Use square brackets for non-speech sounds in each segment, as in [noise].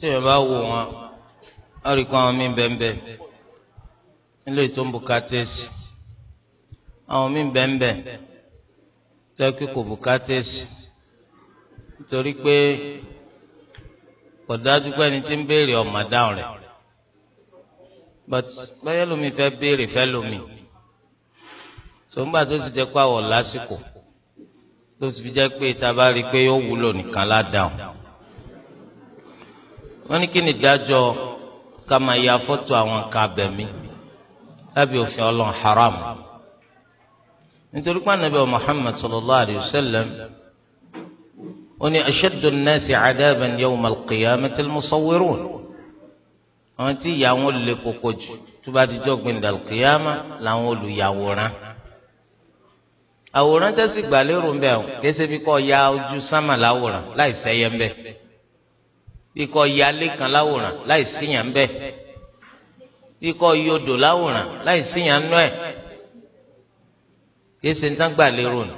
tí èèyàn bá wò wọn á rí i pé àwọn míì bẹ́ẹ̀ nílé tó ń bùkátà sí àwọn míì bẹ́ẹ̀ tẹ́ pé kò bùkátà sí nítorí pé kò dájú pé ẹni tí ń béèrè ọ̀mà dáhùn rẹ̀ but lómi fẹ́ béèrè fẹ́ lómi sọ̀ngbà tó sì jẹ́ pé lásìkò tó sì fi jẹ́ pé ìta bá rí i pé ó wúlò nìkan ládàáhùn wọ́n ní kí ni ìdájọ́ ká máa ya fọ́tò àwọn nǹkan abẹ̀mí lábẹ́ òfin ọlọ́run haram nítorí pé anabi muhammad sallallahu alayhi wa sallam ó ní ashaddu an-nasi adaban yawma al-qiyamati al-musawwirun àwọn tí ìyà wọn lè koko jù tó bá ti jọ gbẹndà al làwọn olùyàwòrán àwòrán tẹ́sí gbàlérò ń bẹ̀ ọ́ kí bí kò ya ojú sámà láwòrán láì sẹ́yẹ ń bẹ̀ bí kò ya ilé kan láwòrán láì síyàn bẹ́ẹ̀ bí kò yọ odò láwòrán láì síyàn nú ẹ̀ yé ṣe ń tán gbà lérò nù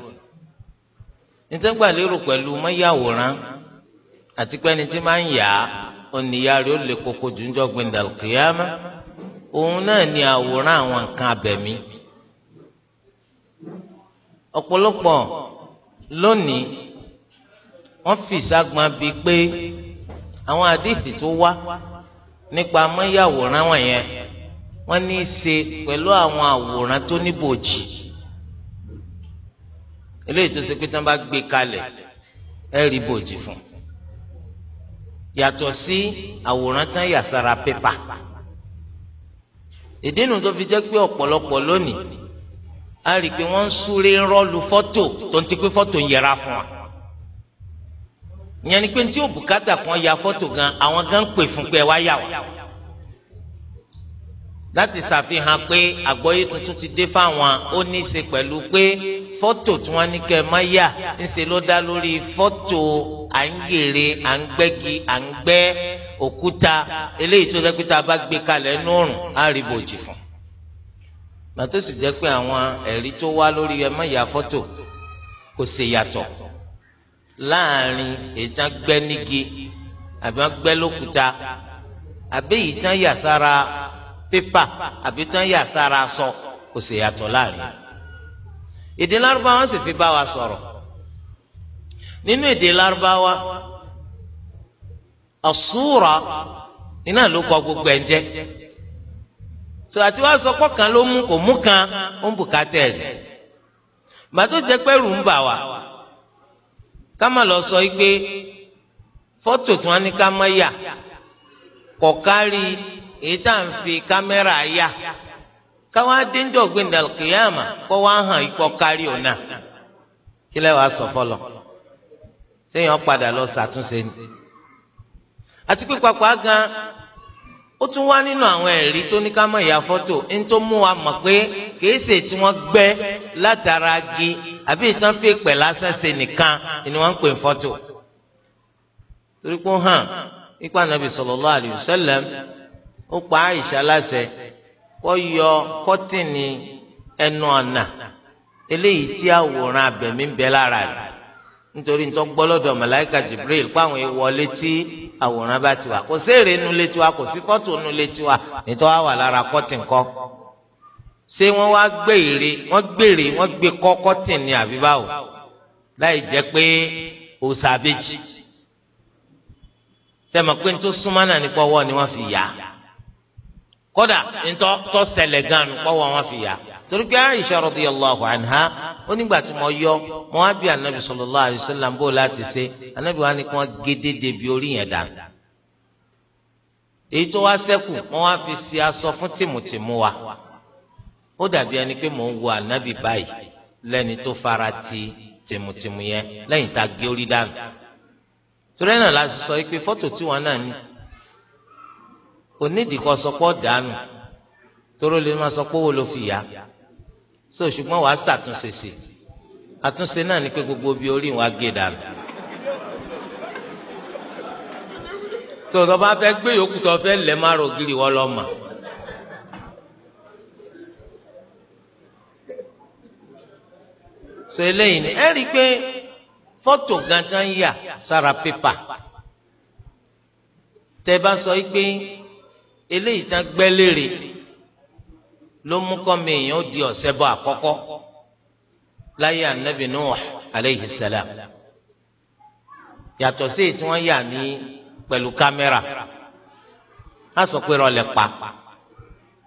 ń tán gbà lérò pẹ̀lú mọ́yàwòrán àti pé ẹni tí máa ń yà á oníyà ó lè koko jùjọ gbẹ̀ndà kìyàmá òun náà ni àwòrán àwọn nǹkan abẹ̀mí ọ̀pọ̀lọpọ̀ lónìí wọ́n fi ìságbọn bíi pé àwọn àdìsí tó wá nípa mọ́yàwòrán wọ̀nyẹn wọ́n ní í ṣe pẹ̀lú àwọn àwòrán tó níbòjì eléyìí tó ṣe pé tí wọ́n bá gbé kalẹ̀ ẹ rí bòjì fún yàtọ̀ sí àwòrán tán yà sára pépà ìdí nu tó fi jẹ́ pé ọ̀pọ̀lọpọ̀ lónìí a rí i pé wọ́n ń súré rọ́ọ̀lù fọ́tò tó ń ti pé fọ́tò ń yẹra fún wa ìyẹn ni pé tí ó bùkátà kan ya fọ́tò gan àwọn gan pè fún pé wá yà wá láti ṣàfihàn pé àgbọ́yé tuntun ti dé fáwọn ó ní í ṣe pẹ̀lú pé fọ́tò tí wọ́n ní kẹ́ ẹ má yà ńṣe ló dá lórí fọ́tò à ń gèrè à ń gbẹ́gi à ń gbẹ́ òkúta eléyìí tó jẹ́ tá a bá gbé kalẹ̀ nùrùn á rí bòjì fún gbàtó sì jẹ́ pé àwọn ẹ̀rí tó wá lórí ẹ má yà fọ́tò kò ṣe yàtọ̀ láàrin ètò gbẹ́ àbí wọ́n gbẹ́ lókúta àbí èyí tán pépà àbí ya yà sọ kò sì yàtọ̀ láàrin èdè lárúbáwá fi bá wa sọ̀rọ̀ nínú èdè lárúbáwá àsúrà iná ló kọ gbogbo ẹ̀ jẹ́ tó àti sọ pọ̀ kan ló mú kò mú kan ó ń bùkátẹ́ rẹ̀ gbàtó jẹ́ pẹ́rù ń ká lọ sọ pé fọ́tò tí wọ́n ní ká má yà kọ̀ èyí tá à ń fi kámẹ́rà yà káwá déńdọ̀ gbẹ̀ndàkìyàmà kọ́ wá hàn ikọ̀ kárí ọ̀nà kí lẹ́ wàá sọ fọlọ́ téèyàn padà lọ ṣàtúnṣe ni àti pé pàpà gan ó tún wá nínú àwọn ẹ̀rí tó ní ká má ya fọ́tò ń tó mú wa mọ̀ pé kìí ṣe tí wọ́n gbẹ́ látara igi àbí ìtàn fi pẹ̀ lásán ṣe nìkan ni wọ́n ń pè fọ́tò. torí pé hàn nípa nàbì sọlọ́lá alayhi wa ó pa Àìṣà láṣẹ kọ́ yọ kọ́tìnì ẹnu ọ̀nà eléyìí tí àwòrán abẹ̀mí ń bẹ lára rẹ̀ nítorí nítorí gbọ́lọ́dọ̀ màláìka Jibril páwọn ìwọ létí àwòrán bá ti wà kò séèrè nu létí wa kò sí kọ́tù nu létí wa nítorí wà wà lára kọ́tì ńkọ́ ṣé wọ́n wá gbé ère wọ́n gbèrè wọ́n gbé kọ́ kọ́tì ní àbí láì jẹ́ pé òòsà abéjì tẹ̀mọ̀ pé nítorí súnmọ́ náà ní pọ́wọ́ ni wọ́n fi yà kódà nítorí tó ṣẹlẹ̀ gan-an ní pọ́wọ́ wọn fi yà torí pé Aisha radiyallahu anha ó nígbà tí mo yọ mo wá bí anabi sallallahu alayhi wa sallam bó láti ṣe anabi wa ni kí wọn gédédé bí orí yẹn dànù èyí tó wá ṣẹ́kù mo wá fi ṣe aṣọ fún tìmùtìmù wa ó dàbí ẹni pé mò ń wo anabi báyìí lẹ́ni tó fara ti tìmùtìmù yẹn lẹ́yìn tá a gé orí dànù torí náà la sọ pé fọ́tò tí wọn náà ní onídìí kan sọ pé ọ̀dànù toró lè máa sọ pé owó ló fi yá so ṣùgbọ́n wàá ṣàtúnṣe sí àtúnṣe náà ni pé gbogbo bíi orí wa gé dànù tó o bá fẹ́ gbé yòókù tó o fẹ́ lẹ̀ má ro gírì wọ́n lọ́ọ́ so eléyìí ni ẹ rí i pé fọ́tò gan tí wọ́n ń yà sára pépà tẹ bá sọ yìí pé eléyìí tán gbẹ́ léèrè ló mú kọ́mi èèyàn ó di ọ̀sẹ̀ bọ́ àkọ́kọ́ láyé anabi nuh aleyhi salam yàtọ̀ sí èyí tí wọ́n yà ní pẹ̀lú kámẹ́rà á sọ pé rọlẹ̀ pa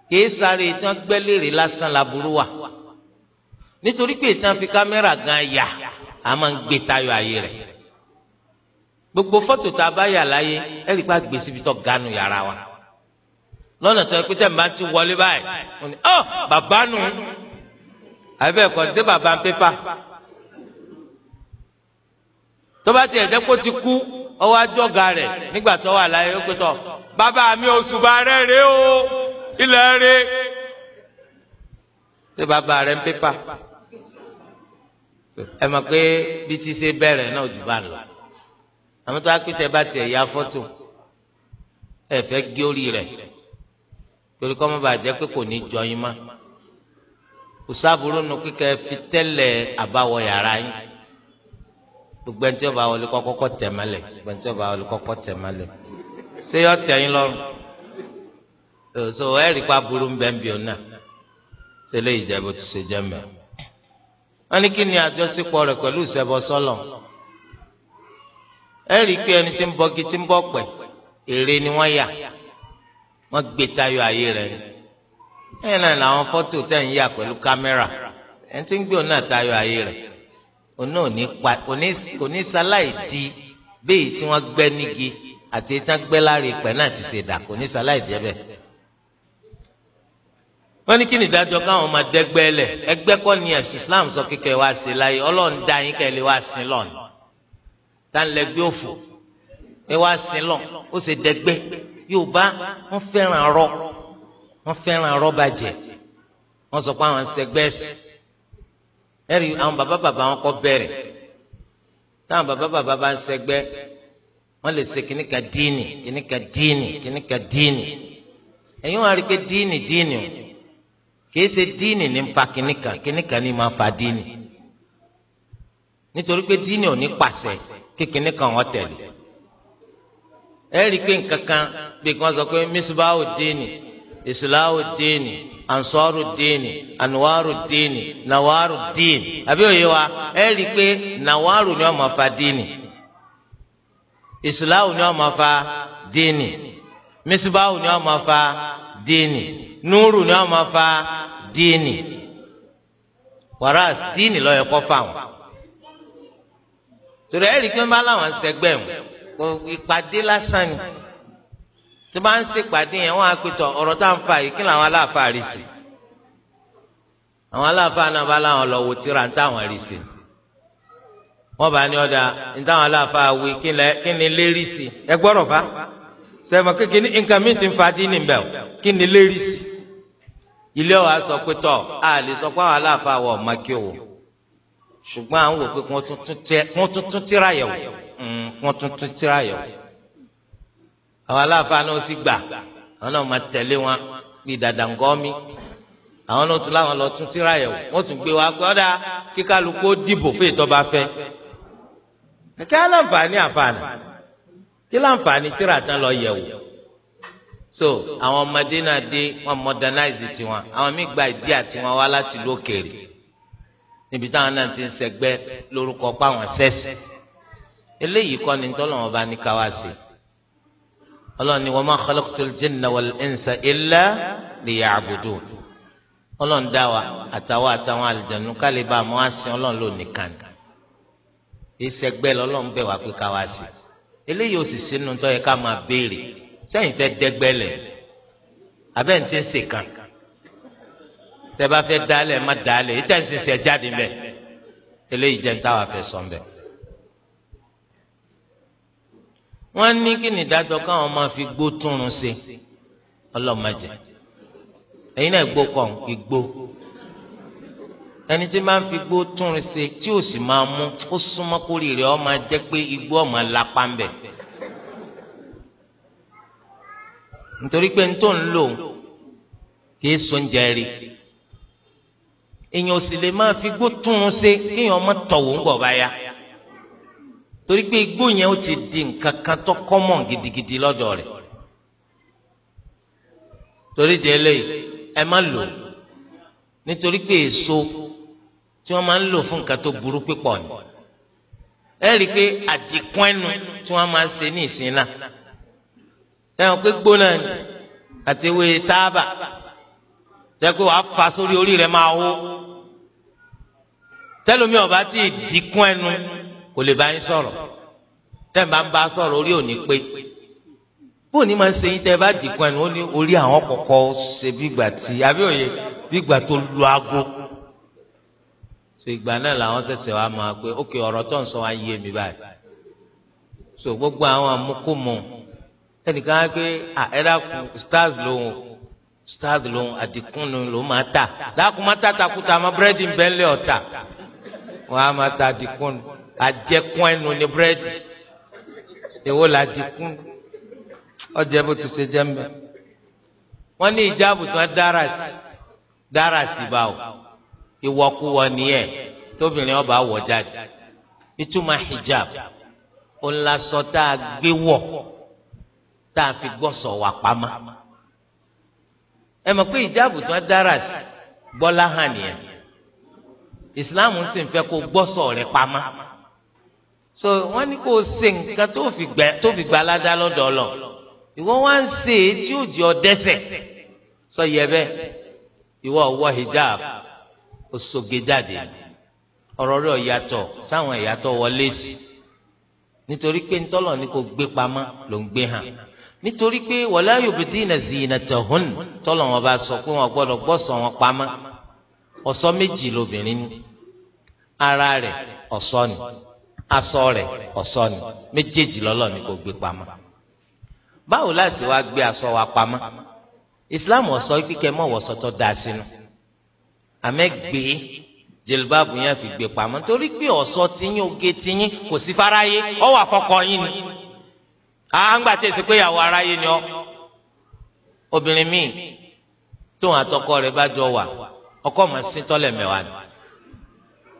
kìí sáré tí wọ́n gbẹ́lérè lásán laburú wa nítorí pé ìtàn fi kámẹ́rà gan yà á máa ń gbé tayọ ayé rẹ̀ gbogbo fọ́tò tá a bá yà láyé ẹ̀rí pa gbèsè ibi tó ganu yàrá wa lọ́nà tó yẹ pé tẹ̀ máa ti wọlé báyìí wọ́n ní ọ́ bàbá nù àbẹ̀ ẹ̀kọ́ ní sí bàbá ń pépà tó bá tiẹ̀ jẹ́ kó ti kú ọwọ́ àjọga rẹ̀ nígbà tó wà láyé ó pé tọ̀ bàbá mi òṣùbà rẹ̀ rèé o ilẹ̀ rèé pé bàbá rẹ̀ ń pépà ẹ mọ̀ pé bí ti ṣe bẹ̀rẹ̀ náà jù bá lọ àmọ́ tó wá pété bá tiẹ̀ ya fọ́tò ẹ fẹ́ gé orí rẹ̀ torí kọ́ mọ́ bàa jẹ́ pé kò ní jọ yín mọ́ kò sáàbùrú nu kíkẹ́ fi tẹ́lẹ̀ àbáwọ yàrá yín gbogbo ẹni tí ó bá wọlé kọ́kọ́ tẹ̀mọ́lẹ̀ gbogbo ẹni tí ó bá wọlé kọ́kọ́ tẹ̀mọ́lẹ̀ ṣé yọ tẹ̀ yín lọ́rùn so ẹ̀rí pa burú bẹ́ẹ̀nbí ọ̀nà ṣe lè jẹ́ bó ti ṣe jẹ́ mẹ́. wọ́n ní kí ni àjọṣepọ̀ rẹ̀ pẹ̀lú ìṣẹ́bọ sọ́lọ̀ ẹ̀rí pé ẹni tí ń bọ́gi tí ń bọ́ pẹ̀ èrè ni wọ́n yà wọ́n gbé tayọ ayé rẹ̀ ẹ̀ náà làwọn fọ́tò tẹ̀ ń yà pẹ̀lú kámẹ́rà ẹ̀ ti ń gbé òun náà tayọ ayé rẹ̀ òun náà kò ní sáláì di bẹ́ẹ̀ tí wọ́n gbẹ́ nígi àti tán gbẹ́ láre pẹ̀ náà ti ṣèdá kò ní sáláì jẹ́ bẹ́ẹ̀. wọ́n ní kí ni ìdájọ́ káwọn máa dẹ́gbẹ́ lẹ̀ ẹgbẹ́ kọ́ ni ẹ̀sìn Islam sọ kíkẹ́ wá sí láyé Ọlọ́run dá yín kẹ́ lè wá sí lọ́nà tá ń lẹ́gbẹ́ òfò ẹ wá sí lọ́nà ó ṣe dẹ́gbẹ́ yorùbá wọ́n fẹ́ràn arọ́ wọ́n fẹ́ràn arọ́ bàjẹ́ wọ́n sọ pé àwọn sẹgbẹ́sì ẹ̀rí àwọn bàbá bàbá wọn kọ́ bẹ̀rẹ̀ táwọn bàbá bàbá bá ń sẹgbẹ́ wọ́n lè ṣe kìnnìkan díìnì kìnnìkan díìnì kìnnìkan díìnì ẹ̀yin wọn àrígbé díìnì díìnì o kìí ṣe díìnì ní fa kìnnìkan kìnnìkan ní máa fa díìnì nítorí pé díìnì ò ní pàṣẹ kí kìnnìkan wọn tẹ̀lé ẹ rí i pé nǹkan kan bí kan sọ pé misbahu dini islahu dini ansoru dini anuwaru dini nawaru dini àbí òye wa ẹ rí i pé nawaru ni wọ́n máa fa dini islahu ni wọ́n máa fa dini misbahu ni wọ́n máa fa dini nuru ni wọ́n máa fa dini wàrà dini ló yẹ kó fáwọn torí ẹ pé ń bá láwọn ṣẹgbẹ́ wọn ìpàdé lásán ni tó bá ń ṣèpàdé yẹn wọn á pè tọ ọ̀rọ̀ tá à ń fa yìí kí làwọn aláàfáà rí sí àwọn aláàfáà náà bá láwọn lọ wò tíra ń táwọn rí sí wọn bá ní ọdà ń táwọn aláàfáà wí kí ni lérí sí ẹ gbọ́dọ̀ bá sẹ́fọ̀ kékeré nǹkan mi ti ń fa dínì bẹ́ẹ̀ kí ni lérí sí ilé wa sọ pé tọ a lè sọ pé àwọn aláàfáà wọ̀ ọ́ máa kí o ṣùgbọ́n àwọn wò pé kí wọ́n tún tíra yẹ̀ wọ́n tún tún tíra yọ àwọn aláàfáà náà sì gbà àwọn náà máa tẹ̀lé wọn bí dàdàngọ́mí àwọn náà tún láwọn lọ tún tíra yọ wọ́n tún gbé wa gbọ́dá kíkálukú dìbò fún ìtọ́ba fẹ́ kí á láǹfààní kí láǹfààní tíra tán lọ yẹ̀ wò so àwọn ọmọdé náà dé wọ́n modernize tiwọn àwọn míì gba ìdí àtiwọn wá láti lókèrè níbi táwọn náà ti ń ṣẹgbẹ́ lórúkọ páwọn sẹ́sì eléyìí kọ́ ni tọ́lọ́wọ́n bá ní káwá sí ọlọ́run ni wa ma khalaqtul jinna wal insa illa liya'budun ọlọ́run dá wa àtàwọn àtàwọn àlùjànnú kálí bá a mọ́ àsìn ọlọ́run ló nìkan ìṣẹ́gbẹ́ lọ́lọ́run bẹ̀ wá pé káwá sí eléyìí ò sì sínú tó yẹ ká máa béèrè sẹ́yìn fẹ́ dẹ́gbẹ́lẹ̀ abẹ́ ń ti ń sè kàn tẹ́ bá fẹ́ dálẹ̀ má dálẹ̀ ìtẹ̀síṣẹ́ jáde mbẹ́ eléyìí jẹ́ ń táwa fẹ́ sọ wọ́n ní kí ni ìdájọ́ káwọn máa fi gbó túrun ṣe ọlọ́mọdé ẹ̀yin náà gbó kàn igbó ẹni tí máa ń fi gbó túnrin ṣe tí ò sì máa mú ó súnmọ́ kórìí rẹ̀ ó máa jẹ́ pé igbó ó máa lápá ń bẹ̀. nítorí pé nítorí ń lò kì í sóúnjẹ rí èèyàn ò sì lè máa fi gbó túnrin ṣe kéèyàn ọmọ tọ̀wọ̀ ń bọ̀ báyà torí pé igbó yẹn ó ti di nǹkan kan tó kọ́mọ̀ gidigidi lọ́dọ̀ rẹ̀ torí di eléyìí ẹ má lò nítorí pé èso tí wọ́n máa ń lò fún nǹkan tó burú pípọ̀ ni ẹ rí i pé àdìkún ẹnu tí wọ́n máa ń ṣe ní ìsìn náà ẹ̀hún pé gbóná ni àti ewé táàbà jẹ́ pé wàá fa sórí orí rẹ̀ máa wó tẹ́lómi ọ̀bá tí dìkún ẹnu kò lè bá yín sọ̀rọ̀ tẹ́ ẹ̀ bá ń bá sọ̀rọ̀ orí òní pé bó ní máa ń ṣe yín tẹ́ ẹ bá dìgbọn ẹni ó ní orí àwọn kọ̀ọ̀kọ́ ṣe bígbà tí àbí òye bígbà tó lu aago so ìgbà náà làwọn ṣẹ̀ṣẹ̀ wá máa pé ókè ọ̀rọ̀ tó ń sọ wá yé mi báyìí so gbogbo àwọn amúkúmu ẹnìkan á pé ẹ̀rá stars lòun stars lòun àdìkúnnu lòun máa tà láàkú máa tà takuta máa búrẹ́dì ń bẹ́ńlẹ̀ ọ̀tà wọ́n á máa tà àdìkúnnu àjẹkún ẹnu ní búrẹ́dì èwo là dínkùn ọjọ́ bó ti ṣe jẹ́ mbẹ́ wọ́n ní ìjáàbù tí wọ́n dára sí dára sí báwo ìwọ̀kuwọ̀ nìyẹn tóbìnrin ọba wọ̀ jáde ìtumọ̀ hijab ó ńlá sọ tá a gbé wọ̀ tá a fi gbọ́sọ̀ wà pamọ́ ẹ mọ̀ pé ìjáàbù tí wọ́n dára sí gbọ́lá hàn nìyẹn ìsìláàmù sì ń fẹ́ kó gbọ́sọ̀ rẹ̀ pamọ́ so wọ́n ní kó o ṣe nǹkan tó fi gbà tó fi gbà ládàá lọ́dọ̀ ọlọ ìwọ wá ń ṣe tí ó jẹ ọ dẹ́ṣẹ̀ sọ yẹ bẹ ìwọ wọ hijab oṣoge jáde ọ̀rọ̀ rẹ̀ yàtọ̀ sáwọn ìyàtọ̀ wọlé sí nítorí pé ntọ́lọ̀ ni kò gbé pamọ́ ló ń gbé hàn nítorí pé wala yubdina zinatahun tọ́lọ̀ wọn bá sọ pé wọn gbọ́dọ̀ gbọ́sọ̀ wọn pamọ́ ọ̀ṣọ́ méjì lóbìnrin ní ara rẹ̀ ọ̀ṣọ́ ni aṣọ rẹ̀ ọ̀ṣọ́ ni méjèèjì lọ́lọ́ ni kò gbé pamọ́ báwo láti wá gbé aṣọ wa pamọ́ islam ọ̀ṣọ́ kíkẹ́ mọ́ wọ̀ṣọ́ tó da sínú àmẹ́gbé jilbaabu yẹn fi gbé pamọ́ torí pé ọ̀ṣọ́ tiyín oge tiyín kò sí fáráyé ọ wà fọkọ yín ni àǹgbà tí èsì pé ìyàwó aráyé ni ọ obìnrin míì tóun àtọkọ rẹ̀ bá jọ wà ọkọ mọ̀ sí tọ́lẹ̀ mẹ́wàá ni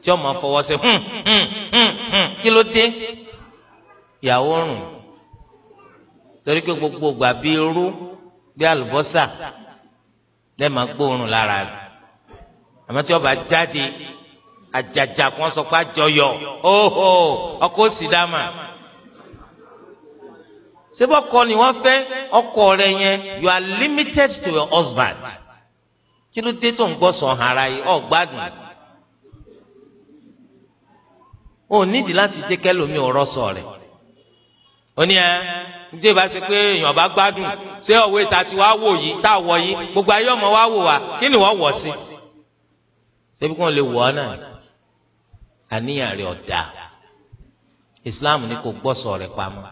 tí ọmọ fọwọ́ sí hùn hùn hùn hùn kí ló dé ìyàwó rùn torí pé gbogbo ìgbà bíi irú bíi àlùbọ́sà lẹ́ẹ̀ma gbóòórùn lára rẹ̀ àmọ́ tí ọba jáde àjàjà kan sọ pé àjọyọ̀ óhò ọkọ̀ òsì dáàmà sebọkọ ni wọ́n fẹ́ ọkọ rẹ̀ yẹn you are limited to your husband kí ló dé tó ń gbọ́ sọ̀hánra yìí ọ̀ gbádùn o nídìí láti jẹ́ kẹ́lòmí ọ̀rọ̀ sọ rẹ̀ ó ẹ njẹ́ bá ṣe pé èèyàn bá gbádùn ṣé ọ̀wé ta ti wá wò yìí tá a wọ̀ yìí gbogbo ayé ọmọ wa wò wá kí ni wọ́n wọ̀ sí ṣébi kí wọ́n lè wọ̀ ọ́ náà àníyàn rẹ̀ ọ̀dà Islam ni kò gbọ́ sọ rẹ̀ pamọ́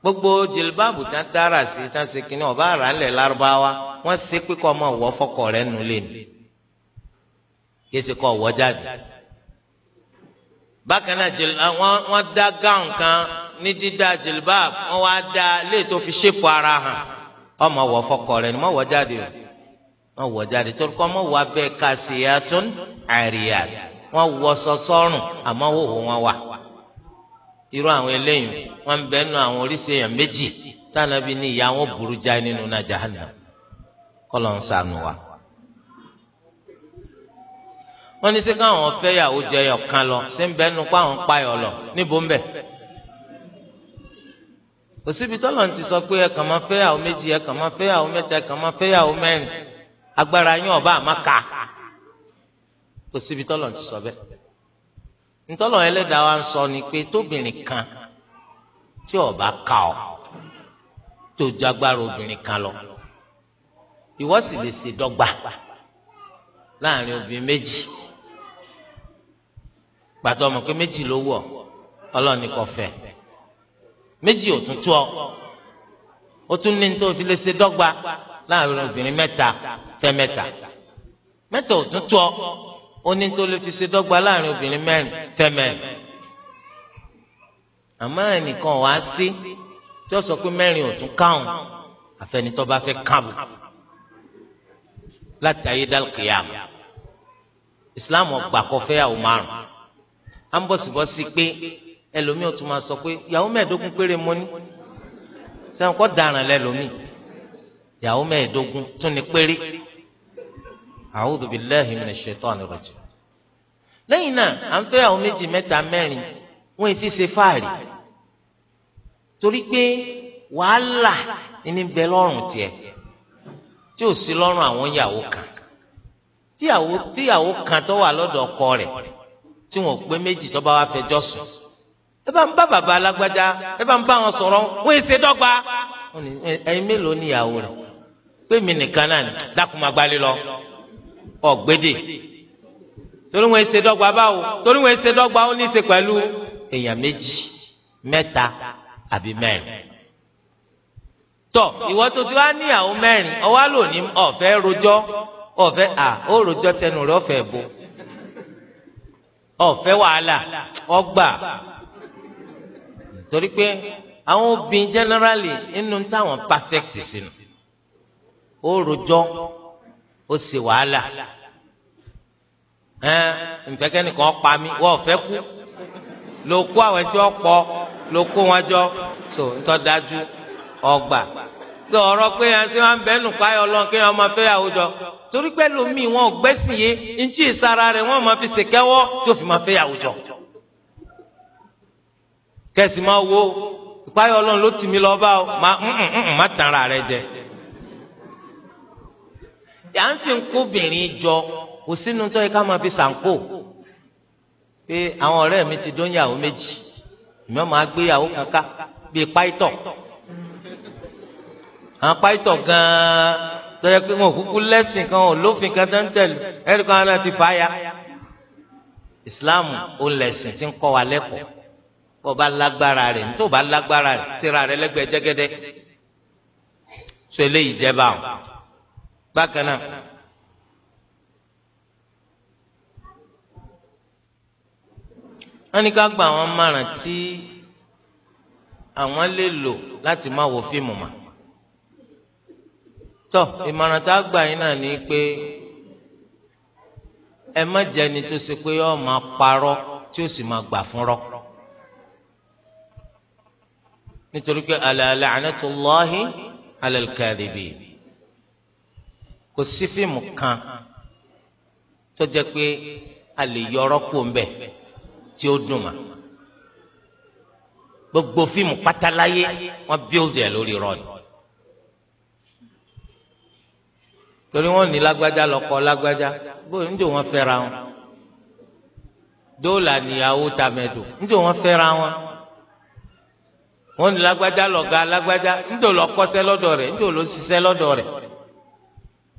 gbogbo jìlbáàbù tán dára sí tán ṣe kínní ọba àrà ńlẹ̀ lárúbáwá wọ́n ṣe pé kọ́ ọmọ wọ́ fọkọ rẹ̀ nulẹ̀ ni kí ṣe kọ́ ọ̀wọ́ jáde bákan náà jìlbà ah, wọn wọn dá gáwọn kan ní dídá jìlbà wọn wá dá léè tó fi ṣépò ara hàn ọmọ wọ fọkọ rẹ ni mọ wọ jáde o mọ wọ jáde tó kọ mọ wọ abẹ kàṣíyàtún àríyàt wọn wọ sọsọrùn àmọ́ wò wọn wà irú àwọn eléyìí wọn bẹnu àwọn oríṣi èèyàn méjì tánàbí ní ìyá wọn burú jáì nínú náà kọlọ ń sànù wa wọ́n ní sẹ káwọn fẹ́yàwó jẹyọ kan lọ ṣé ń bẹ nu pa àwọn payọ lọ níbo ń bẹ òsibí tọ́lọ̀ ti sọ pé ẹ kàn máa fẹ́yàwó méjì ẹ kàn máa fẹ́yàwó mẹ́ta ẹ kàn máa fẹ́yàwó mẹ́rin agbára yín ọba àmàkà òsibí tọ́lọ̀ ti sọ bẹ́ẹ̀ ntọ́lọ̀ ẹlẹ́dàá wa ń sọ ni pé tóbìnrin kan tí ọba ka ọ tó ju agbára obìnrin kan lọ ìwọ sì lè ṣe dọ́gba láàrin obìnrin méjì gbàtọ́ ọmọ pé méjì ló wọ̀ ọlọ́ọ̀ni kò fẹ́ méjì ò tún tọ́ ó tún ní tó fi lè ṣe dọ́gba láàrin obìnrin mẹ́ta fẹ́ mẹ́ta mẹ́ta ò tún tọ́ ó ní tó lè fi ṣe dọ́gba láàrin obìnrin mẹ́rin fẹ́ mẹ́rin àmọ́ ẹnìkan wàá sí tí ó sọ pé mẹ́rin ò tún káwọn àfẹnitọ́ bá fẹ́ káwọn látàyé dálkìyàmù Islam ọgbà kọfẹ́ àwọn márùn à ń bọ̀sibọ́sí pé ẹlòmíì ò tún máa sọ pé yàwó mẹ́ẹ̀ẹ́dógún péré mo ní sẹ́wọ̀n kọ́ daràn lẹ́lòmíì yàwó mẹ́ẹ̀ẹ́dógún tún ní péré a'udhu billahi minash shaitani rajim lẹ́yìn náà à ń fẹ́ àwọn méjì mẹ́ta mẹ́rin wọ́n fi ṣe fáàrí torí pé wàhálà ní bẹ lọ́rùn tiẹ̀ tí ò sí lọ́rùn àwọn ìyàwó kan tíyàwó tíyàwó kan tó wà lọ́dọ̀ ọkọ rẹ̀ tí wọn ò pé méjì tó bá wá fẹjọ́ sùn ẹ bá ń bá bàbá alágbájá ẹ bá ń bá wọn sọ̀rọ̀ wọn èsè dọ́gba ẹyin mélòó níyàwó rẹ pé mi nìkan náà ni dákun máa gbálẹ̀ lọ ọ̀gbẹ́dẹ̀ torí wọn èsè dọ́gba báwo torí wọn èsè dọ́gba ó ní í ṣe pẹ̀lú èèyàn méjì mẹ́ta àbí mẹ́rin tọ ìwọ tó ti wá níyàwó mẹ́rin ọwá lò ní ọ̀fẹ́ rojọ́ à ó rojọ́ tẹnu rẹ̀ ọ̀fẹ́ bò ọ̀fẹ́ wàhálà ọgbà torí pé àwọn obìnrin generally nínú táwọn perfect sínú ó rojọ́ ó ṣe wàhálà ẹn nfẹkẹnìkan pa mí wọ́n ọ̀fẹ́ kú ló kó àwọn tí wọ́n pọ̀ ló kó wọn jọ so ntọ́ dájú ọgbà so ọ̀rọ̀ pé yẹn ṣé wọ́n bẹ́ẹ̀ nù káyọ̀ lọ́n kéèyàn ọmọ fẹ́ yàwó jọ torí pé lomi wọn ò gbẹ́sìn yé ntí ìsara rẹ̀ wọ́n máa fi ṣèkẹ́wọ́ tí ó fi máa fẹ́ àwùjọ. kẹ̀sì máa wo ìpáyọ̀ ọlọ́run ló tì mí lọ bá ọ má mm, mm, mm, tàn ra rẹ jẹ. à ń sìn kóbìnrin jọ kò sínú tó yẹ ká máa fi sànkó pé àwọn ọ̀rẹ́ mi ti dóńyàwó méjì ìmọ̀ máa gbéyàwó kankan bíi páìtọ̀ àwọn páìtọ̀ gan-an tọ́jà pé wọn ò kúkú lẹ́sìn kan ò lófin kan tó ń tẹ̀lé ẹ̀rí kan náà ti fà á ya islam ó lẹ́sìn tí ń kọ́ wa lẹ́kọ̀ọ́ kó o bá lágbára rẹ̀ nítorí o bá lágbára rẹ̀ síra rẹ̀ lẹ́gbẹ̀ẹ́ jẹ́gẹ́dẹ́ so eléyìí jẹba o bákan náà. wọ́n ní ká gba àwọn márùn-ún tí àwọn lè lò láti má wo fíìmù mọ́ tọ ìmọ̀ràn tá a gbà yín náà ni pé ẹ má jẹ́ ẹni tó ṣe pé yọ́ọ́ máa parọ́ tí ó sì máa gbà fúnrọ́ nítorí pé ala la'natullahi ala al-kadhibin kò sí fíìmù kan tó jẹ́ pé a lè yọrọ́ kó ń bẹ̀ tí ó dùn mà gbogbo fíìmù pátáláyé wọ́n bíọ́dù ẹ̀ lórí rọ́ọ̀nì. torí wọn ní lágbájá lọkọ lágbájá bó ń jò wọn fẹ́ra wọn dóòlà níyàwó tàmẹdò ń jò wọn fẹ́ra wọn wọn ní lágbájá lọgá lágbájá ń jò lọ kọ́ṣẹ́ lọ́dọ̀ rẹ̀ ń jò lọ ṣiṣẹ́ lọ́dọ̀ rẹ̀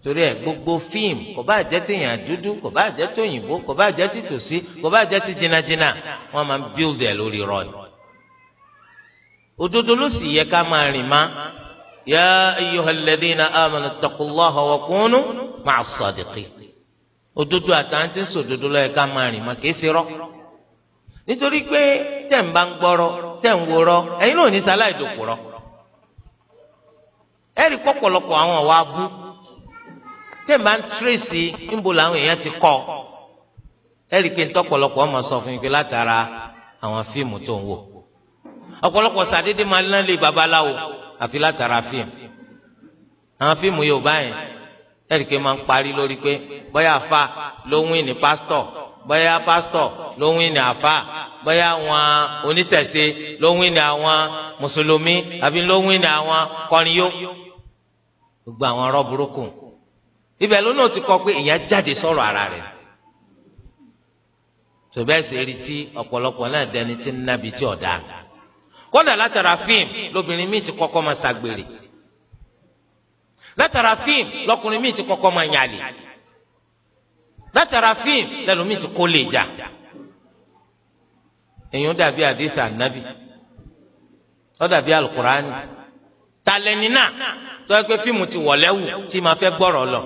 torí ẹ gbogbo fíìmù kò bá jẹ́ ti yàn dúdú kò bá jẹ́ ti òyìnbó kò bá jẹ́ ti tòsí kò bá jẹ́ ti jìnnàjìnnà wọn máa ń bíldì lórí rọ ni òdodo ló sì yẹ ká máa rìn má يا أيها الذين آمنوا اتقوا الله وكونوا مع الصادقين òdodo àtàntí sòdodo lọ yẹ ká máa rìn mà kìí ṣe rọ nítorí pé tẹ̀ ń bá ń gbọ́rọ̀ tẹ̀ ń worọ̀ ẹ̀yin náà ní sáláì dòkúrọ̀ ẹ̀rí pọ̀pọ̀lọpọ̀ àwọn ọ̀wá bú tẹ̀ ń bá ń tírèsì ńbo làwọn èèyàn ti kọ́ ẹ̀rí pé ńtọ́pọ̀lọpọ̀ ọmọ sọ fún mi látara àwọn fíìmù tó ń wò ọ̀pọ̀lọpọ̀ sàdédé máa ń lé babaláwo àfi látara fíìmù àwọn fíìmù yorùbá yẹn ẹ̀ríkẹ́ máa ń parí lórí pé bóyá àfa ló ń wíìnì pásítọ̀ bóyá pásítọ̀ ló ń wíìnì àfa bóyá àwọn oníṣẹ̀ṣe ló ń wíìnì àwọn mùsùlùmí àbí ló ń wíìnì àwọn kọrìnyó gbogbo àwọn ọ̀rọ̀ burúkú ibẹ̀ ló náà ti kọ́ pé ìyẹn jáde sọ̀rọ̀ ara rẹ̀ tòbẹ́sẹ̀ rí tí ọ̀pọ̀lọpọ̀ náà dẹni tí ń nábi tí ọ̀daràn kódà látara fíìmù lóbìnrin míì ti kọ́kọ́ máa ṣàgbèrè látara fíìmù lọkùnrin míì ti kọ́kọ́ máa yàlè látara fíìmù lẹ́lòmíì ti kó lè jà èyàn dàbí àdìsí ànábì ó dàbí alukurani talẹ́ni náà tó yẹ pé fíìmù ti wọ̀lẹ́ wù tí màá fẹ́ gbọ́rọ̀ lọ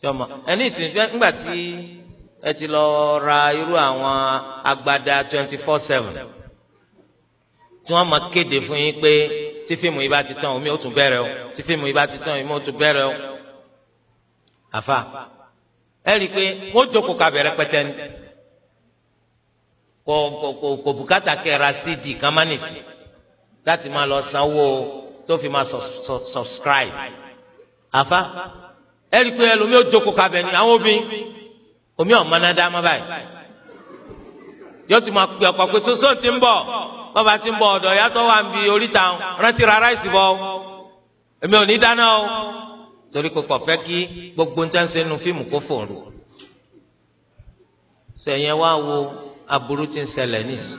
jọmọ ẹni ìsìn nígbà tí ẹ ti lọ ra irú àwọn agbada twenty four seven tí wọ́n máa kéde fún yín pé tí fíìmù yìí bá ti tán omi ó tún bẹ̀rẹ̀ o tí fíìmù yìí bá ti tán omi ó tún bẹ̀rẹ̀ o àfa ẹ rí i pé wọ́n jókòó ka bẹ̀rẹ̀ pẹ́tẹ́ ni kò kò kò bùkátà kẹra cd kámánìsì láti máa lọ sanwó tó fi máa subscribe àfa ẹ rí i pé ẹlòmíì ó jókòó ka bẹ̀rẹ̀ ni àwọn obìnrin omi ọ̀ mọ́nádá mọ́ báyìí yóò tún máa pè ọkọ̀ pé tó sóò ti ń bọ̀. bàbá tí ń bọ̀ ọ̀dọ̀ yàtọ̀ wà ń bi oríta rántí ra o torí kò kí gbogbo ń tẹ́sí inú fíìmù kó fòrò sọ wá wo aburú tí ń ṣẹlẹ̀ nísì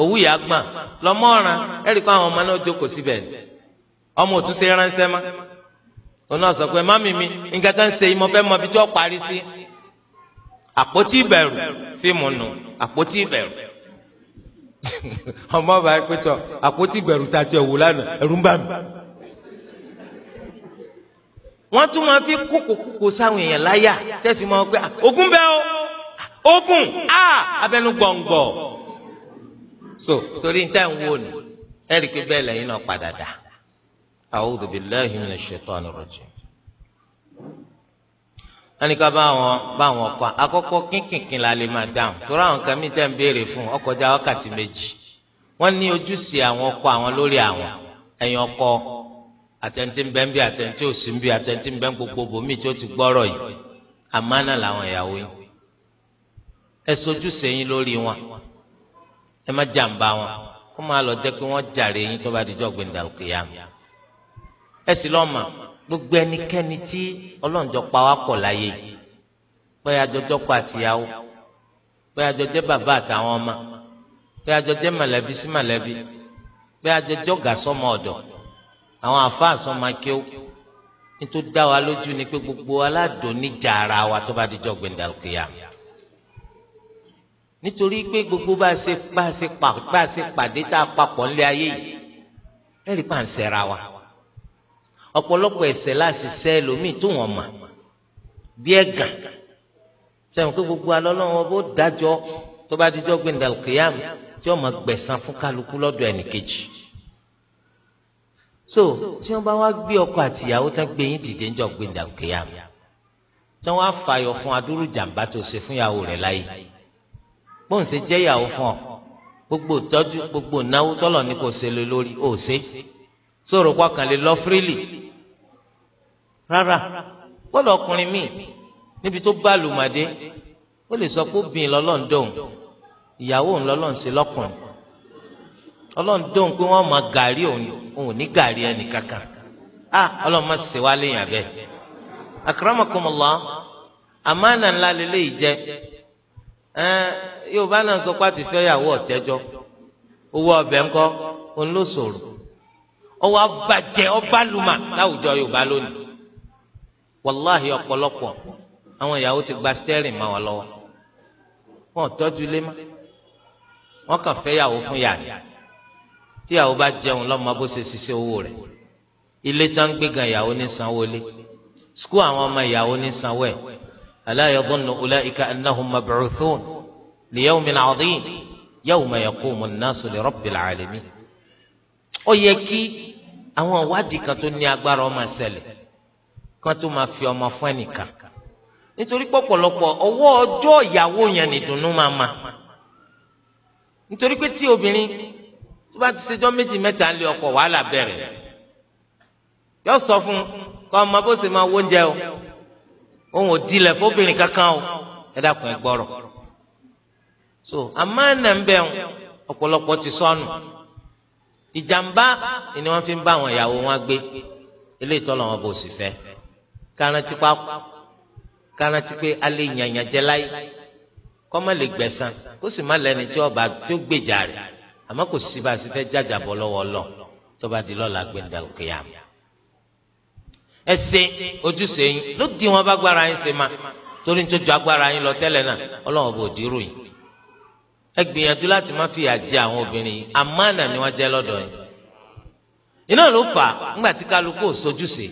òwú yà gbà lọ́mọ ọ̀ràn kó àwọn ọmọ náà jókòó síbẹ̀ ọmọ òtún ṣe mami mi nǹkan ń ṣe ìmọ̀ fẹ́ mọ ibi tí wọ́n parí sí àpótí ìbẹ̀rù [laughs] ọmọ bá yẹ pé àpótí gbẹrù ta tiẹ̀ wò lánàá ẹ̀rù ń bà mí. wọ́n tún máa fi kókòkókò sáwọn èèyàn láyà tẹ́fì máa pé ogun bẹ́ẹ̀ o ogun a abẹnú gbọ̀ngbọ̀ so torí n tẹ́ ń wò ni ẹ̀rí pé bẹ́ẹ̀ lẹ́yìn náà padà dà. a'udhu billahi minash shaitani rajim ẹnìkan bá wọn bá wọn kọ àkọ́kọ́ kínkìnkìn la lè máa dáhùn torí àwọn kan mi tẹ́ ń béèrè fún ọkọjá wákàtí méjì wọ́n ní ojúṣe àwọn ọkọ àwọn lórí àwọn ẹ̀yin ọkọ àtẹ̀ntì ń bẹ ń bí àtẹ̀ntì ò sí ń bí àtẹ̀ntì ń bẹ ń gbogbo bòmíì tó ti gbọ́rọ̀ yìí àmánà làwọn ìyàwó yìí ẹ sojúṣe yín lórí wọn ẹ má jàǹbá wọn kó máa lọ jẹ́ pé wọ́n jàre yín tó bá dijọ́ gbẹ̀ndà òkè yá mi ẹ sì lọ́ọ́ gbogbo ẹnikẹ́ni tí ọlọ́run jọ pa wá pọ̀ láyé pé àjọjọ́ pa àtìyàwó pé àjọjẹ́ bàbá àtàwọn ọmọ pé àjọjẹ́ mọ̀lẹ́bí sí mọ̀lẹ́bí pé àjọjọ́ gà sọmọ ọ̀dọ̀ àwọn àfáà sọmọ akéwò nítorí dá wa lójú ni pé gbogbo aládùn níjà ara wa tó bá dijọ́ gbẹ̀ndà òkèèyà nítorí pé gbogbo bá a pàdé tá a papọ̀ ńlẹ̀ ayé yìí ẹ̀rí pà ń ṣẹ̀ra wa ọ̀pọ̀lọpọ̀ ẹ̀ṣẹ̀ láti sẹ́ ẹlòmíì tó wọ́n mọ̀ bí ẹ̀gàn sẹ́wọ̀n pé gbogbo alọ́lọ́wọ́ bó dájọ́ tó bá dijọ́ gbẹ̀ndàlùkìyàmù tí wọ́n máa gbẹ̀san fún kálukú lọ́dọ̀ ẹnìkejì so tí wọ́n bá wá gbé ọkọ àtìyàwó tán gbé yín dìde ń jọ gbẹ̀ndàlùkìyàmù tí wọ́n á fàyọ fún adúrú jàǹbá tó ṣe fún ìyàwó rẹ̀ láyé bóun ṣe jẹ́ ìyàwó fún ọ gbogbo tọ́jú gbogbo náwó tọ́lọ̀ ní kò ṣe lórí ó ṣe sóòrò pọkànlélọ́ rárá bọ́ọ̀lù ọkùnrin míì níbi tó bá lùmàdé ó lè sọ pé obìnrin lọ́lọ́run dóhùn ìyàwó òun lọ́lọ́run sí lọ́kùnrin ọlọ́run dóhùn pé wọ́n mọ gàrí òun òun ní gàrí ẹnìkankan a ọlọ́run má ṣe wá léyìn abẹ́ akramakumullah àmánà ńlá lélẹ́yìí jẹ́ ẹ yorùbá náà sọ pé àti fẹ́yàwó ọ̀tẹ́jọ́ owó ọbẹ̀ ńkọ́ òun ló sòrò ọwọ́ abàjẹ́ ọbalùmà láwùjọ yorùbá lónìí wàláhì ọ̀pọ̀lọpọ̀ àwọn ìyàwó ti gba stẹ́rìn mọ́ wọn lọ́wọ́ wọn ò tọ́jú ilé mọ́ wọn kàn fẹ́ yàwó fún yàrá tí yàwó bá jẹun lọ́mọ bó ṣe ṣiṣẹ́ owó rẹ̀ ilé tá ń gbé gan ìyàwó ní sanwó lé sukú àwọn ọmọ ìyàwó ní sanwó ẹ̀ ala yadhunnu ulaika annahum mab'uthun li yawmin 'adhim yawma yaqumu an-nasu li rabbil 'alamin ó yẹ kí àwọn ìwádìí kan tó ní agbára ó máa ṣẹlẹ̀ kan tó máa fi ọmọ fún ẹnìkan nítorí pọ̀pọ̀lọpọ̀ ọwọ́ ọjọ́ ìyàwó yẹn nìdùnnú máa ma nítorí pé tí obìnrin tó bá ti ṣèjọ́ méjì mẹ́ta ń lé ọkọ wàhálà bẹ̀rẹ̀ yóò sọ fún kọ́ ọmọ bó ṣe máa wóúnjẹ o òun ò dilẹ̀ fóbìnrin kankan o ẹ dákun ẹ gbọ́rọ̀ so àmánà ń bẹ̀ wọn ọ̀pọ̀lọpọ̀ ti sọnù ìjàmbá ni wọ́n fi ń bá àwọn ìyàwó wọn gbé eléyìí tọ́lọ̀ wọn bò sì fẹ́ karanti pa karanti pé alẹ́ yànyàn jẹ láyé kó má lè gbẹ̀san kó sì má lẹ́ni tí ọba tó gbèjà rẹ̀ àmọ́ kò sí bá a sì fẹ́ jàjà bọ́ lọ́wọ́ lọ tó bá di lọ́la gbẹ̀ndà òkè yà mí. ẹ ṣe ojúṣe yín ló di wọn bá gbára yín ṣe ma torí nítorí agbára yín lọ tẹ́lẹ̀ náà ọlọ́run bò dírò yín. ẹ gbìyànjú láti má fìyà jẹ àwọn obìnrin yìí àmánà ni wọ́n jẹ́ lọ́dọ̀ yín. iná ló fà ńgbà tí kálukú ò sojúṣe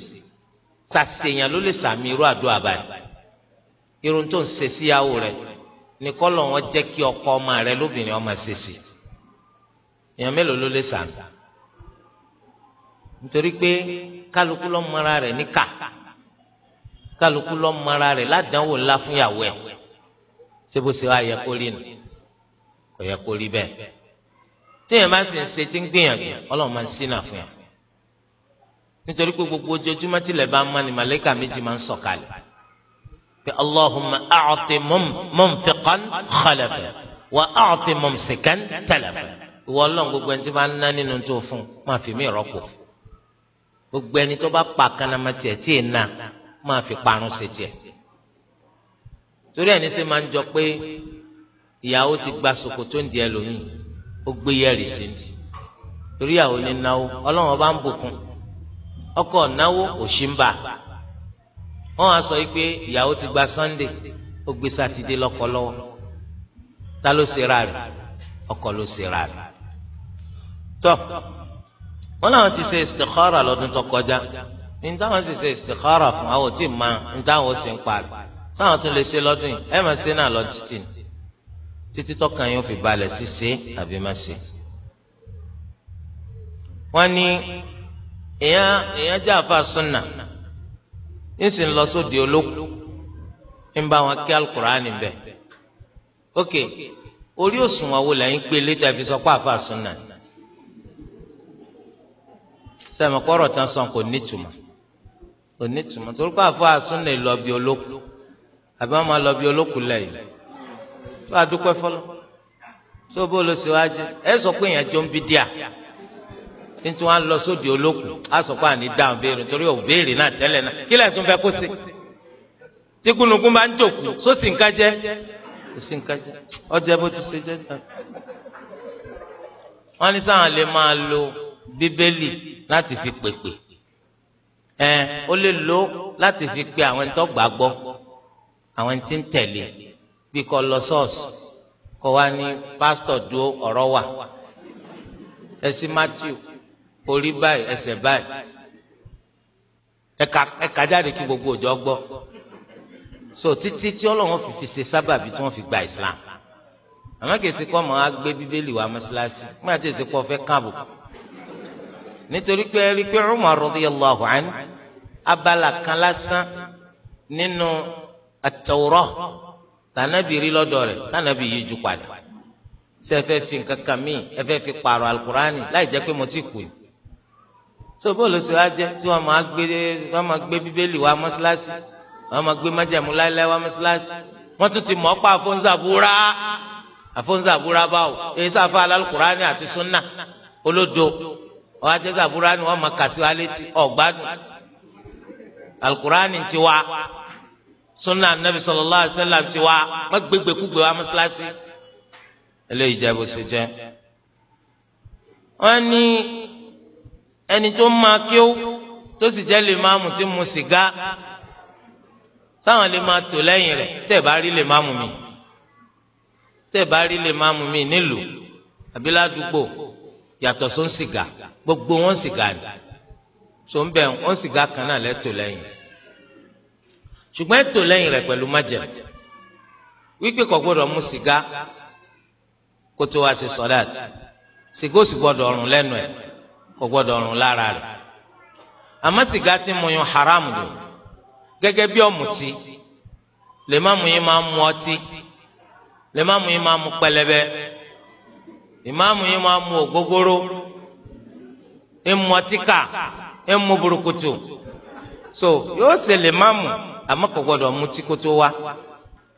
sàṣeyàn ló lè sàmì irú àdúrà báyìí irun tó ń ṣe síyàwó rẹ ní kọ́lọ̀ wọn jẹ́ kí ọkọ ọmọ rẹ lóbìnrin ọmọ ṣe sí èèyàn mélòó ló lè sàmì nítorí pé kálukú ló mọra rẹ níkà kálukú ló mọra rẹ ládánwò ńlá fún ìyàwó ẹ ṣé bó ṣe wá yẹ kó rí nu kò yẹ kó rí bẹ́ẹ̀ téèyàn bá sì ń ṣe tí ń gbìyànjú Ọlọ́run máa ń ṣínà fún yàn nítorí pé gbogbo ojoojúmọ́ tilẹ̀ bá mọ́ ni màlẹ́kà méjì máa ń sọ̀kalẹ̀ pé allahumma a'ti munfiqan khalafa wa a'ti mumsikan talafa ìwọ ọlọ́run gbogbo ẹni tí bá ń ná nínú tó fún máa fi mí rọ́pò gbogbo ẹni tó bá pa kanama tiẹ̀ tí ì na máa fi parun sí tiẹ̀ torí ẹni sẹ́ máa ń jọ pé ìyàwó ti gba ṣòkòtò ń di ẹlòmíì ó gbé yẹ́rì sí i torí ìyàwó ní náwó ọlọ́run ọba ń bùkún ọkọ náwó òṣìǹbà wọn á sọ pé ìyàwó ti gba sunday ó gbé sátidé lọ́kọ lọ́wọ́ ta ló ṣe ra rẹ̀ ọkọ ló ṣe ra rẹ̀ tọ wọn làwọn ti ṣe istikhara lọ́dún tó kọjá ní táwọn sì ṣe istikhara fún àwọn tí ma ní táwọn sì ń parí sáwọn tún lè ṣe lọ́dún yìí ẹ máa ṣe náà lọ títì títí tọkàn yóò fi balẹ̀ sí ṣe àbí má ṣe. wọ́n ní. èèyàn èèyàn jẹ́ àfa sunna ń sì ń lọ sóde olóko ń bá wọn kí alukur'ani bẹ̀ ok orí òṣùwọ̀n wo lẹ́yìn pé létí àfi sọ pé àfa sunna sẹ́mi kọ́rọ̀ tán sàn kò nítumọ̀ kò tuma torí pé àfa sunna lọ bí olóko àbí wọn máa lọ bí olóko lẹ́yìn tó a dúpẹ́ tó bó lọ síwájú ẹ sọ pé èèyàn jọ ń bí díà. nítorí wọn lọ sóde olókùn á sọ pé àní dáhùn béèrè nítorí ò béèrè náà tẹ́lẹ̀ náà kí lẹ́yìn tún fẹ́ kó sí tí kúnnukún bá ń jòkó sósì nǹkan jẹ́ sósì nǹkan jẹ́ ọjọ́ bó ti ṣe jẹ́ náà. wọ́n ní sáwọn lè máa lo bíbélì láti fi pèpè ẹ ó lè lo láti fi pe àwọn ẹni tó gbàgbọ́ àwọn ẹni tí ń tẹ̀lé bí kò lọ ṣọ́ọ̀ṣì kò wá ní pásítọ̀ dúró ọ̀rọ̀ wà ẹ sí Matthew orí báyìí ẹsẹ̀ báyìí ẹ̀ka ẹ̀ka jáde kí gbogbo òjò gbọ́ so títí tí ọlọ́run fi fi ṣe sábàbí tí wọ́n fi gba Islam àmọ́ kìí ṣe kọ́ mọ́ á gbé bíbélì wa mọ́ṣáláṣí má ti ṣe kọ́ fẹ́ káàbò nítorí pé ẹ rí i pé Umar radiyallahu anhu abala kan lásán nínú at-Tawrah tànàbí rí lọ́dọ̀ rẹ̀ tànàbí yìí ju padà ṣé ẹ fẹ́ fi nǹkan kan míì ẹ fẹ́ fi pààrọ̀ alukurani láì jẹ́ pé mo ti kù yìí so bóòlù sọ wá jẹ tí wọn máa gbé wọn máa gbé bíbélì wá mọ́ṣáláṣí wọn máa gbé májẹ̀mú láéláé wá mọ́ṣáláṣí wọn tún ti mọ̀ ọ́ pa àfọ̀nzàbúrà àfọ̀nzàbúrà báwo èyí sàfà alálùkùránì àti súnà olódo wọn ajẹ́ sàbúrà ni wọn máa kà sí wa létí ọ̀gbádùn alukùránì ti wá súnà anabi sallallahu alaihi wasallam ti wá wọn gbégbé kúgbé wá mọ́ṣáláṣí eléyìí jẹ́ bó ṣe jẹ́ wọn ní ẹni tó máa kíó tó sì jẹ́ lè máa mú tí mu sìgá táwọn lè máa tò lẹ́yìn rẹ̀ tẹ̀ bá rí lè máa mú mi tẹ̀ bá rí lè máa mú mi nílùú àbí ládùúgbò yàtọ̀ só ń sìgá gbogbo wọn sìgá ni só bẹ̀ wọn sìgá kan náà lẹ́tò lẹ́yìn ṣùgbọ́n ètò lẹ́yìn rẹ̀ pẹ̀lú májẹ̀mú wípé kò gbọdọ̀ mu sìgá kó tó wá sí sọ́dáàtì sìgá ò sì gbọdọ̀ ọ̀rùn lẹ́nu ẹ̀ kò gbọ́dọ̀ rùn lára rẹ̀ àmọ́ sìgá tí mu yun haram lò gẹ́gẹ́ bí ọ̀mùtí lè má mu yín máa mu ọtí lè má mu yín máa mu pẹlẹbẹ lè má mu yín máa mu ògógóró ń ọtí kà ń burúkutu so yóò ṣe lè má mu àmọ́ kò gbọ́dọ̀ mu tí kò tó wá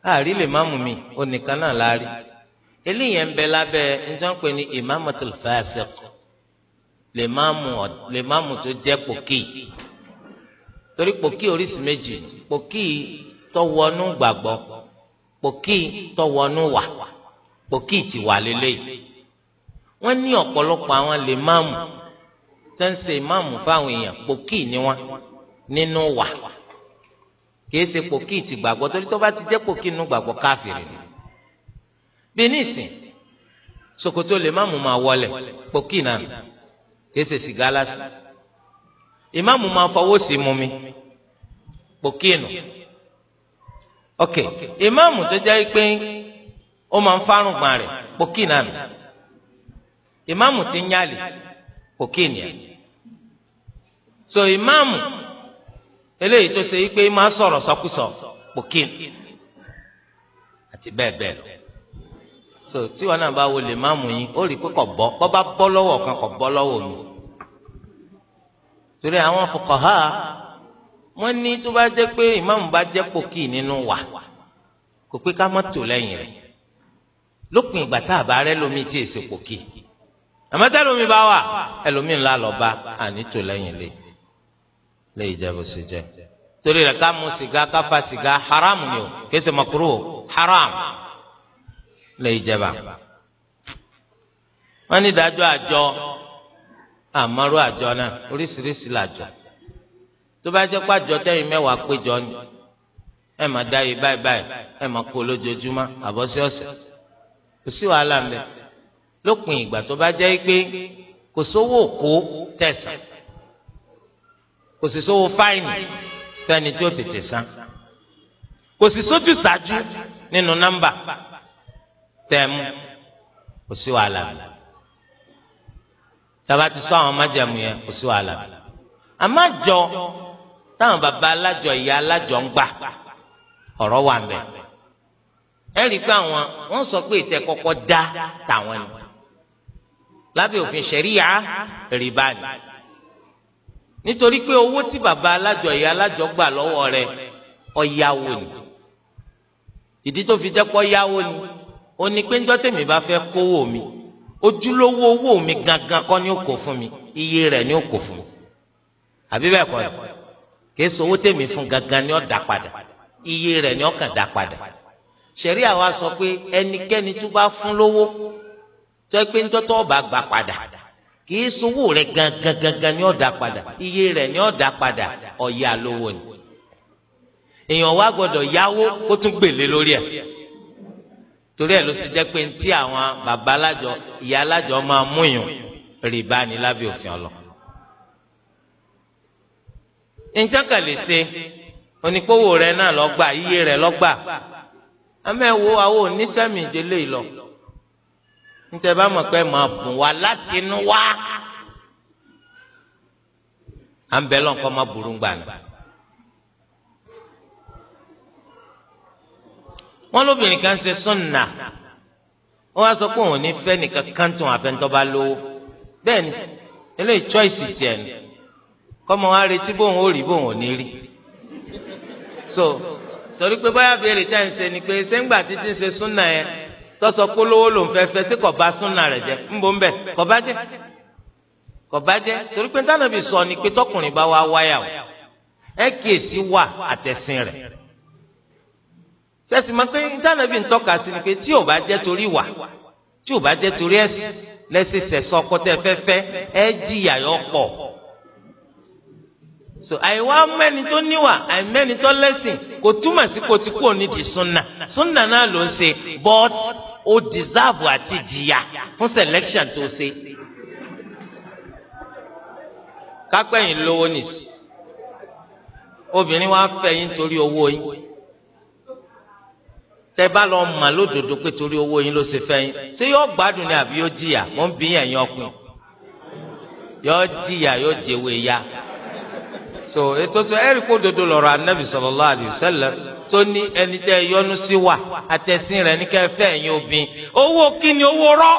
àárí lè má mu mi onìkan náà láàrí eléyìí ń bẹ lábẹ́ ẹ̀ ń jọ́ ń pè ní imamatul fasiq lè má mú tó jẹ́ pòkì torí pòkì oríṣi méjì pòkì tọwọnú gbàgbọ́ pòkì tọwọnú wà pòkì ti wà lélẹ́yìí wọ́n ní ọ̀pọ̀lọpọ̀ àwọn lè má mú tó ń ṣe fáwọn èèyàn pòkì ni wọ́n nínú wà kìí ṣe pòkì ti gbàgbọ́ torí tó bá ti jẹ́ pòkì nínú gbàgbọ́ káfíìrì bí nísìn ṣòkòtò lè má mú máa wọlẹ̀ pòkì náà kéésì sìgá lásán ìmáàmù máa fọwọ́ sí mu mi ok ìmáàmù tó jẹ́ pé ó máa ń fárùngbọ̀n rẹ̀ pòkínà nù ìmáàmù ti ń yálè pòkínì so ìmáàmù eléyìí tó se pé máa sọ̀rọ̀ sọkúsọ pòkínì àti bẹ́ẹ̀ bẹ́ẹ̀ lọ so tí wọn náà bá wo lè máàmù yín ó rí i pé kò bọ́ bọ́ bá bọ́ lọ́wọ́ kan kò bọ́ lọ́wọ́ mi torí àwọn fuqaha wọ́n ní tó bá jẹ́ pé ìmáàmù bá jẹ́ pòkì nínú wa kò pé ká má tò lẹ́yìn rẹ̀ lópin ìgbà tá a bá rẹ́ lómi tí èsì pòkì àmọ́ tá lómi bá wà ẹlòmíì ńlá lọ bá àní tò lẹ́yìn lé lé ìjẹ́bù sí jẹ́ torí rẹ̀ ká mu sìgá ká fa sìgá haram ni o kí ẹ sẹ́ mọ̀kúrò haram. haram lè jẹba wọn ní ìdájọ́ àjọ àmọrú àjọ náà oríṣiríṣi làjọ tó bá jẹ́ pàjọ tẹ̀yin mẹ́wàá péjọ ni ẹ máa dá yìí báyìí báyìí ẹ máa kó lójoojúmọ́ àbọ̀sí kò sí wàhálà ńlẹ lópin ìgbà tó bá jẹ́ pé kò kò sì sówó fáìnì tí ó tètè san kò sì sójú ṣáájú nínú tẹ́mú kò sí wàhálà tàbá ti sọ àwọn májàmú yẹn kò sí wàhálà àmájọ táwọn baba alájọ ìyá alájọ ń gbà ọ̀rọ̀ wà ń bẹ̀ ẹ rí i pé àwọn wọ́n sọ pé ìtẹ́ kọ́kọ́ dá tàwọn ni lábẹ́ òfin ṣẹ̀ríyà rìbá ni nítorí pé owó tí baba alájọ ìyá alájọ gbà lọ́wọ́ rẹ̀ ọ̀yáwó ni ìdí tó fi jẹ́ pọ̀ yáwó ni ó ní pé njọ́ tèmi bá fẹ́ kówó mi ojúlówó owó mi gangan kọ́ ni ó kó fún mi iye rẹ̀ ni ó kó fún mi àbí bẹ́ẹ̀ kọ́ ẹ̀ kì í owó tèmi fún gangan ni ó dá padà iye rẹ̀ ni ó kàn dá padà ṣẹ̀ríà wa sọ pé ẹnikẹ́ni tó bá fún lówó tó ẹ pé njọ́ tó bá gbà padà kì í sọ owó gangan gangan ni ó dá padà iye rẹ̀ ni ó dá padà ọ̀yà lówó ni èèyàn wa gbọ́dọ̀ yáwó kó tún gbèlè lórí ẹ̀ torí ẹ ló ṣe jẹ́ pé ní tí àwọn bàbá alájọ ìyá alájọ máa mú yàn òfin ọlọ. ìjànkà lè ṣe onípòwò rẹ náà lọ́gbà iye rẹ lọ́gbà amẹ́wò àwọn onísẹ́mi ìdílé ìlọ níta bá mọ̀ pé máa bùn wá láti inú wá à ń lọ́nkọ́ burú wọn lóbìnrin kan ṣe sunna ó wá sọ pé òun ní fẹ́ nìkan kan tún àfẹnutọ́ bá lówó bẹ́ẹ̀ ni eléyìí choice tiẹ̀ ni wa retí bóun rí bóun ò rí so torí pé báyà béèrè tá à ń ṣe ni pé títí ṣe súnà yẹn tọ́sọ polówó ló ń fẹ́ fẹ́ sí ń ń bẹ̀ torí pé sọ ni tọkùnrin bá sẹ́sì máa pé ìtànàbí ń tọ́ka sí ni pé tí ò bá jẹ́ torí wà tí ò bá jẹ́ torí ẹ̀sìn lẹ́sìn sẹ̀sọ ọkọ fẹ́fẹ́ ẹ jìyà yọ pọ̀ so àìwá mẹ́ni tó níwà àìmẹ́ni tó lẹ́sìn kò túmọ̀ sí kò tí kò nídìí súnà súnà náà ló ń ṣe but ó deserve àti jìyà fún selection tó ṣe kápẹ́yìn lówó nìsí obìnrin wa fẹ́ yín torí owó yín tẹ bá lọ mà lódodo pé torí owó yín ló ṣe fẹ́ yín ṣé yóò gbádùn ni àbí yóò jìyà mò ń bí yẹn yín ọkùn yóò jìyà yóò jẹwé ya so ètò tó ẹ̀rí kó dodo lọ́rọ̀ anabi sallallahu alayhi wa sallam tó ní ẹni tẹ yọnu sí wa àtẹ̀sín rẹ̀ ní kẹfẹ́ ẹ̀yin obìn owó kíni owó rọ́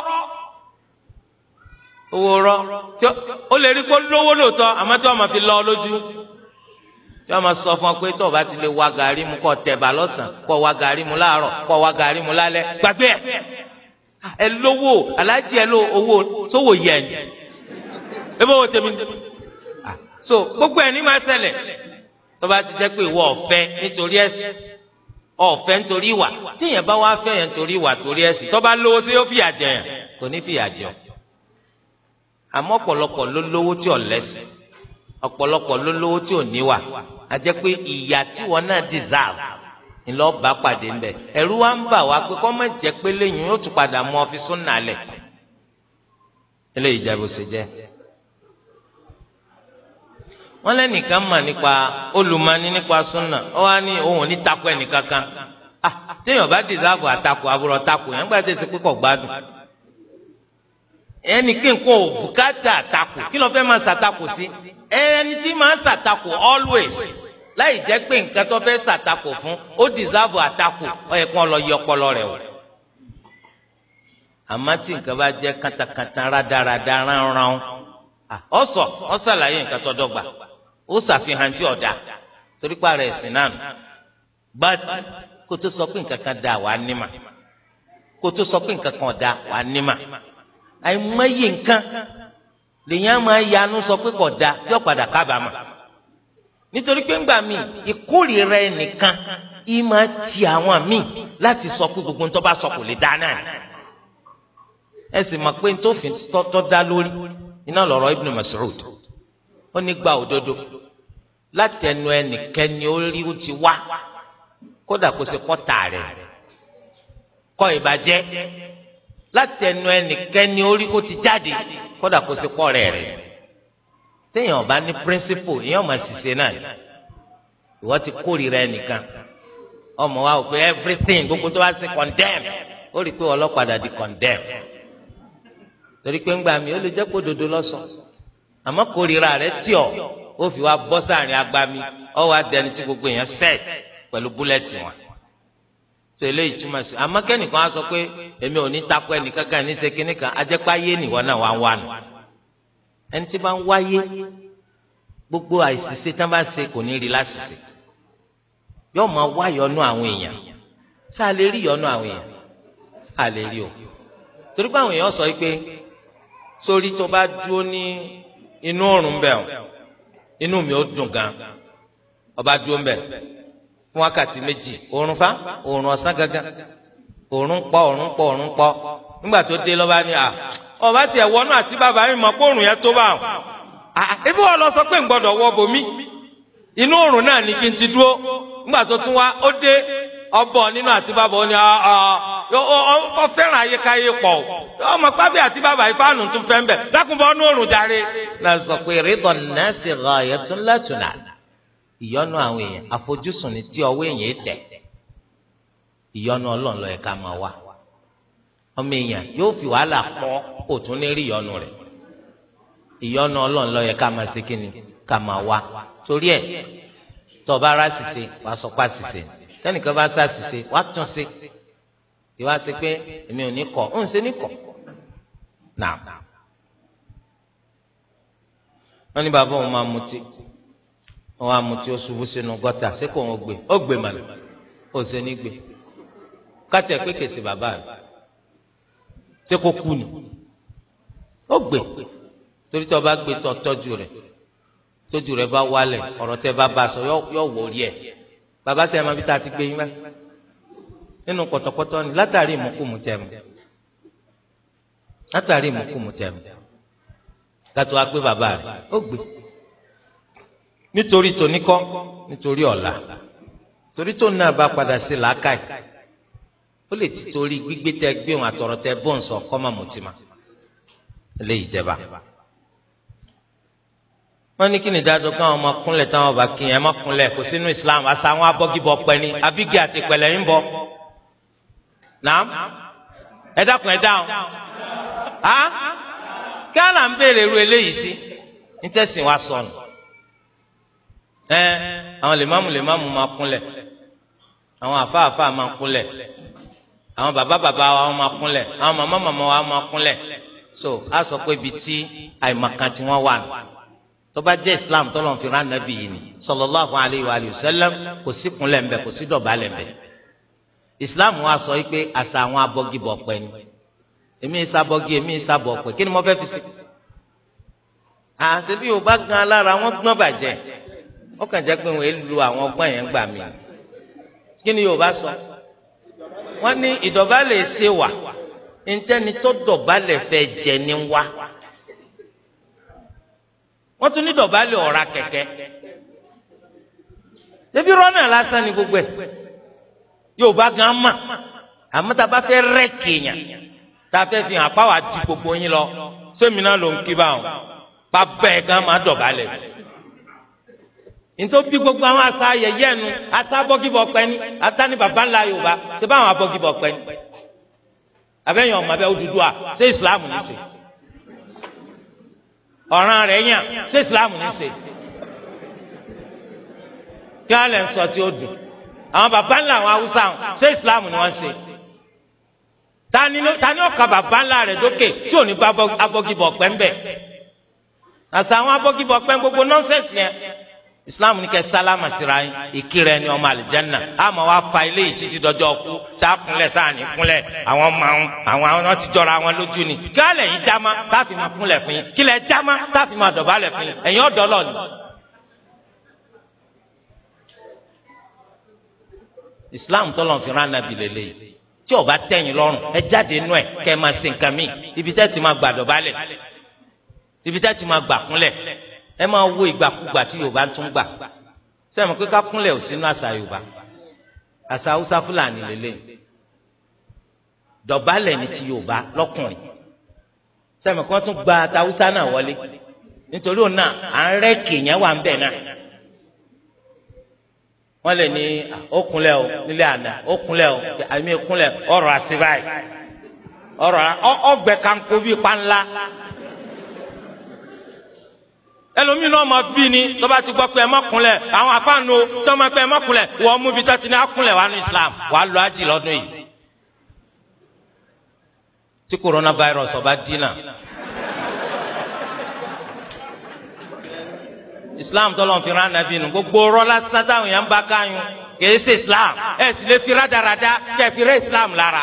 owó rọ́ ó lè rí kó lówó lóòótọ́ àmọ́ tí wọ́n máa fi lọ́ lójú. tí wọn máa sọ fún ọ pé tó o bá ti lè wa gàrí mu kọ tẹ̀bà lọ́sàn kọ wa gàrí mu láàárọ̀ kọ wa gàrí mu lálẹ́ gbàgbé ẹ̀ ẹ lówó aláàjì ẹ ló owó sówó yẹ ẹ ẹ bọ́ wọ tèmi so gbogbo ẹ̀ ní máa ṣẹlẹ̀ tó bá ti jẹ́ pé ìwọ ọ̀fẹ́ nítorí ẹ̀sìn ọ̀fẹ́ nítorí ìwà téèyàn bá wá fẹ́ yẹn nítorí ìwà torí ẹ̀sìn tó lówó sí yóò fìyà jẹ yẹn kò ní fìyà jẹ ọ àmọ́ ọ̀pọ̀lọpọ̀ ló lówó tí ò lẹ́sìn ọ̀pọ̀lọpọ̀ ló lówó tí ò ní wà á jẹ́ pé ìyà tí wọ́n náà deserve ńlọ bá pàdé ńbẹ wa ń bà wá pé kọ́ mọ̀ jẹ́ pé lẹ́yìn yóò tún padà mú ọ́fíìsì náà lẹ̀ eléyìí jẹ́ bó ṣe jẹ́ wọ́n lẹ́nìkan ah bá deserve àbúrò yẹn gbà tẹ̀sí ẹnì kí n kò bùkátà àtakò kí ló fẹ́ máa ṣàtakò sí ẹni tí máa ṣàtakò always láì jẹ́ pé nǹkan tó fẹ́ ṣàtakò fún ó deserve àtakò ó yẹ kó lọ yọ ọpọlọ rẹ̀ o àmọ́ tí nǹkan bá jẹ́ kàtàkàtà rádaràda ránran ọ sọ ọ ṣàlàyé nǹkan tó dọ́gba ó ṣàfihàn tí ọ̀dà torí but tó sọ pé nǹkan kan dá wàá nímà tó sọ pé nǹkan kan dá wàá nímà. àìmọye nǹkan lèyìn máa yanu sọ pé kò da tí ó padà kábàámà nítorí pé ńgbà míì ìkórìíra ẹnìkan ì máa ti àwọn míì láti sọ pé gbogbo ntọ́ bá sọ kò lè dá náà ẹ sì mọ̀ pé ntòfin tọ́ dá lórí iná lọ̀rọ̀ Ibn Mas'ud ó ní gba òdodo látẹnu ẹnìkẹ́ni ó rí ó ti wá kódà kó ṣe kọ́ta rẹ̀ kọ́ ìbàjẹ́ láti ẹnu ẹnìkẹ́ni orí kó ti jáde kódà kó sì pọ̀ rẹ̀ rẹ̀ téèyàn bá ní principle èèyàn máa ṣiṣẹ́ náà ìwọ ti kórìíra ẹnìkan ọmọ wa ò pé everything gbogbo tó bá ṣe condemn ó rí i pé ọlọ́padà di condemn torí pé ńgbà mi ó lè jẹ́ kó dodo lọ́sọ̀ àmọ́ kórìíra rẹ̀ tì ọ́ ó fi wá bọ́ sáàrin agbami ó wá dẹni tí gbogbo èèyàn set pẹ̀lú búlẹ̀tì wọn tó eléyìí túmọ̀ sí àmọ́ kẹ́nìkan á sọ pé èmi ò ní takọ ẹnìkankan ní ṣe kínní kan ajẹ́páyé nìwọ náà wá ń wà nù ẹni tí bá ń wáyé gbogbo àìsísé tí wọ́n bá ń ṣe kò ní rí láṣìṣe yóò máa wá yọnu àwọn èèyàn sáà lè rí yọnu àwọn èèyàn à lè rí o torí pé àwọn èèyàn sọ pé sórí tó bá dúró ní inú òrùn bẹ́ẹ̀ inú mi ó dùn gan ọba dúró bẹ́ẹ̀ fún wákàtí méjì oorun fa oorun ọ̀sán gangan oorun pọ̀ oorun pọ̀ oorun pọ̀ nígbà tó dé lọ́ba ni a ah, ọba wọnú àti bàbá mi oorun yẹn tó bá wọn ah, ah, ebi wọn lọ sọ pé n gbọ́dọ̀ wọ bomi inú oorun náà ni kí n ti dúró nígbà tó tún wá ó dé ọbọ nínú àti ọ ìyọ́nú àwọn èèyàn àfojúsùn ni tí ọwọ́ èèyàn tẹ̀ ìyọ́nú ọlọ́run ló yẹ ká máa wá ọmọ èèyàn yóò fi wàhálà pọ̀ kò tún ní rí ìyọ́nú rẹ̀ ìyọ́nú ọlọ́run ló yẹ ká máa ṣe kí ni ká máa wá torí ẹ̀ tọ́ bá rà wà sọ pé àṣìṣe tẹ́nìkan bá sá ṣìṣe wà tún ṣe ìwà ṣe pé èmi ò ní kọ̀ ń ṣe ní kọ̀ náà wọ́n ní bàbá òun máa mutí wọn amutí ó ṣubú sínú gọ́tà sẹ́kọ̀ wọn gbé ó gbé màlẹ ó ṣe ní gbé kátìẹ pé kèsì bàbá rẹ sẹ́kọ̀ kú ni ó gbé torí tí wọn bá gbé tọ tọ́jú rẹ tọ́jú rẹ bá wálẹ̀ ọ̀rọ̀ tẹ bá bá yọ wọ orí ẹ bàbá sẹ ẹ máa fi ta ti gbé yín bá nínú pọ̀tọ̀pọ̀tọ̀ ni látàrí ìmọ̀kùmù tẹmu látàrí ìmọ̀kùmù tẹmu látọ wá pé bàbá rẹ ó gbé. nítorí tòníkọ́ nítorí ọ̀la torí tó náà bá padà sí làákàyè ó lè ti torí gbígbé tẹ gbé wọn àtọ̀rọ̀ tẹ bọ́ọ̀n sọ kọ́mọ mùtìmá eléyìí jẹba. wọ́n ní kí ni dáadọ́ káwọn ọmọ kúnlẹ̀ táwọn bá kí ẹ má kúnlẹ̀ kò sínú Islam àṣà àwọn abọ́gibọ̀ pẹ́ni abígi àti pẹ̀lẹ́ ń bọ̀ nàám ẹ dákun ẹ dáhùn á kí á là ń béèrè ru eléyìí sí ní tẹ̀sìn wa sọnù. ẹ àwọn lèmọ́mù lèmọ́mù máa kúnlẹ̀ àwọn àfáàfáà máa kúnlẹ̀ àwọn bàbá bàbá wa máa kúnlẹ̀ àwọn màmá màmá wa máa kúnlẹ̀ so a sọ pé ibi tí àìmọ̀kan tí wọ́n wà nù tó islam tó lọ́n fi rán nàbì yìí ni sallallahu alayhi wa sallam kò sí kúnlẹ̀ ńbẹ kò sí dọ̀bálẹ̀ ńbẹ islam wa sọ yìí pé àṣà àwọn abọ́gibọ̀ pẹ́ ni èmi ń sábọ́gi èmi ń sábọ̀ pẹ́ kí ni mo fẹ́ fi sí. àṣebí yorùbá gan alára wọn gbọ́n bàjẹ́ ó kàn jẹ́ pé wọ́n lu àwọn ọgbọ́n yẹn gbà mí kí ni Yorùbá sọ wọ́n ní ìdọ̀bálẹ̀ ṣe wà ntẹ́ni tó dọ̀bálẹ̀ fẹ́ jẹ ní wá wọ́n tún ní dọ̀bálẹ̀ ọ̀ra kẹ̀kẹ́ ebi rọ́nà lásán ni gbogbo ẹ̀ Yorùbá gan mà àmọ́ tá a bá fẹ́ rẹ́ kéèyàn tá a fẹ́ fi hàn apá wa di gbogbo yín lọ sómìnà ló ń kí báwọn bàbá ẹ̀ gan máa dọ̀bálẹ̀ nítorí bí gbogbo àwọn asa ayẹyẹ nu àṣà abọ́gibọ̀ pẹ́ni àtàní bàbá ńlá yorùbá ṣe báwọn abọ́gibọ̀ pẹ́ni abẹ́yẹn ọmọ abẹ́ Odùduwà ṣé ìsìláàmù ní ṣe ọ̀ràn rẹ̀ yàn ṣé ìsìláàmù ní ṣe kí wọ́n lè ń sọ tí ó dùn àwọn bàbá ńlá àwọn haúsá hàn ṣé ìsìláàmù ni wọ́n ṣe tani ọkà bàbá ńlá rẹ̀ dókè tí ò ní bá abọ́gibọ̀ pẹ́ ń bẹ̀ àṣà àwọn abọ́gibọ̀ pẹ́ gbogbo nọ́ọ̀sẹ̀sì yẹn islam ní kẹ́ sálámà síra yín ìkírẹ ni ọmọ àlìjánná àmọ́ wàá fa ilé yìí títí dọjọ́ kú sàkúnlẹ̀ sàní kúnlẹ̀ àwọn ọmọ àwọn àwọn àwọn ti jọra àwọn lójú ni kílẹ̀ yìí dáma táàfin máa kúnlẹ̀ fún yín kílẹ̀ dáma táàfin máa dọ̀bálẹ̀ fún yín ẹ̀yin ọ̀dọ́lọ̀ ni. islam tọ́lọ̀ fi rán anabi lélẹ̀ yìí tí ó bá tẹ́yìn lọ́rùn ẹ jáde nú ẹ̀ kẹ́ máa ṣe nǹkan ibi tẹ́ ti máa gbà dọ̀bálẹ̀ ibi tẹ́ ti máa gbà kúnlẹ̀ ẹ máa wo ìgbàkúgbà tí yorùbá ń tún gbà sẹ́mi pé ká kúnlẹ̀ ò sínú àṣà yorùbá àṣà haúsá fúlàní lélẹ̀ dọ̀bálẹ̀ ní ti yorùbá lọ́kùnrin sẹ́mi kan tún gba ata haúsá náà wọlé nítorí òun náà à ń rẹ́ẹ̀kì yẹn wà ń bẹ̀ náà wọ́n lè ní okunlẹ̀ o nílé àná okunlẹ̀ o àmì okunlẹ̀ ọ̀rọ̀ àṣìbáyì ọ̀rọ̀ ọgbẹ́ kanko panla ẹlòmíì náà mọ bí ni tó bá ti gbọ́ pé ẹ má kúnlẹ̀ àwọn afáànù tó mọ pé ẹ má kúnlẹ̀ wọ́n mú tó ti ní akúnlẹ̀ wà ní Islam wà á lọ ájì lọ́dún yìí tí coronavirus ọba dínà Islam tọ́lọ́ fi rán nàbí nu gbogbo rọ́lá sátàwọn yẹn ń bá káyún kìí ṣe Islam ẹ̀ sì lè fi rádaràda kẹ̀ fi rẹ́ Islam lára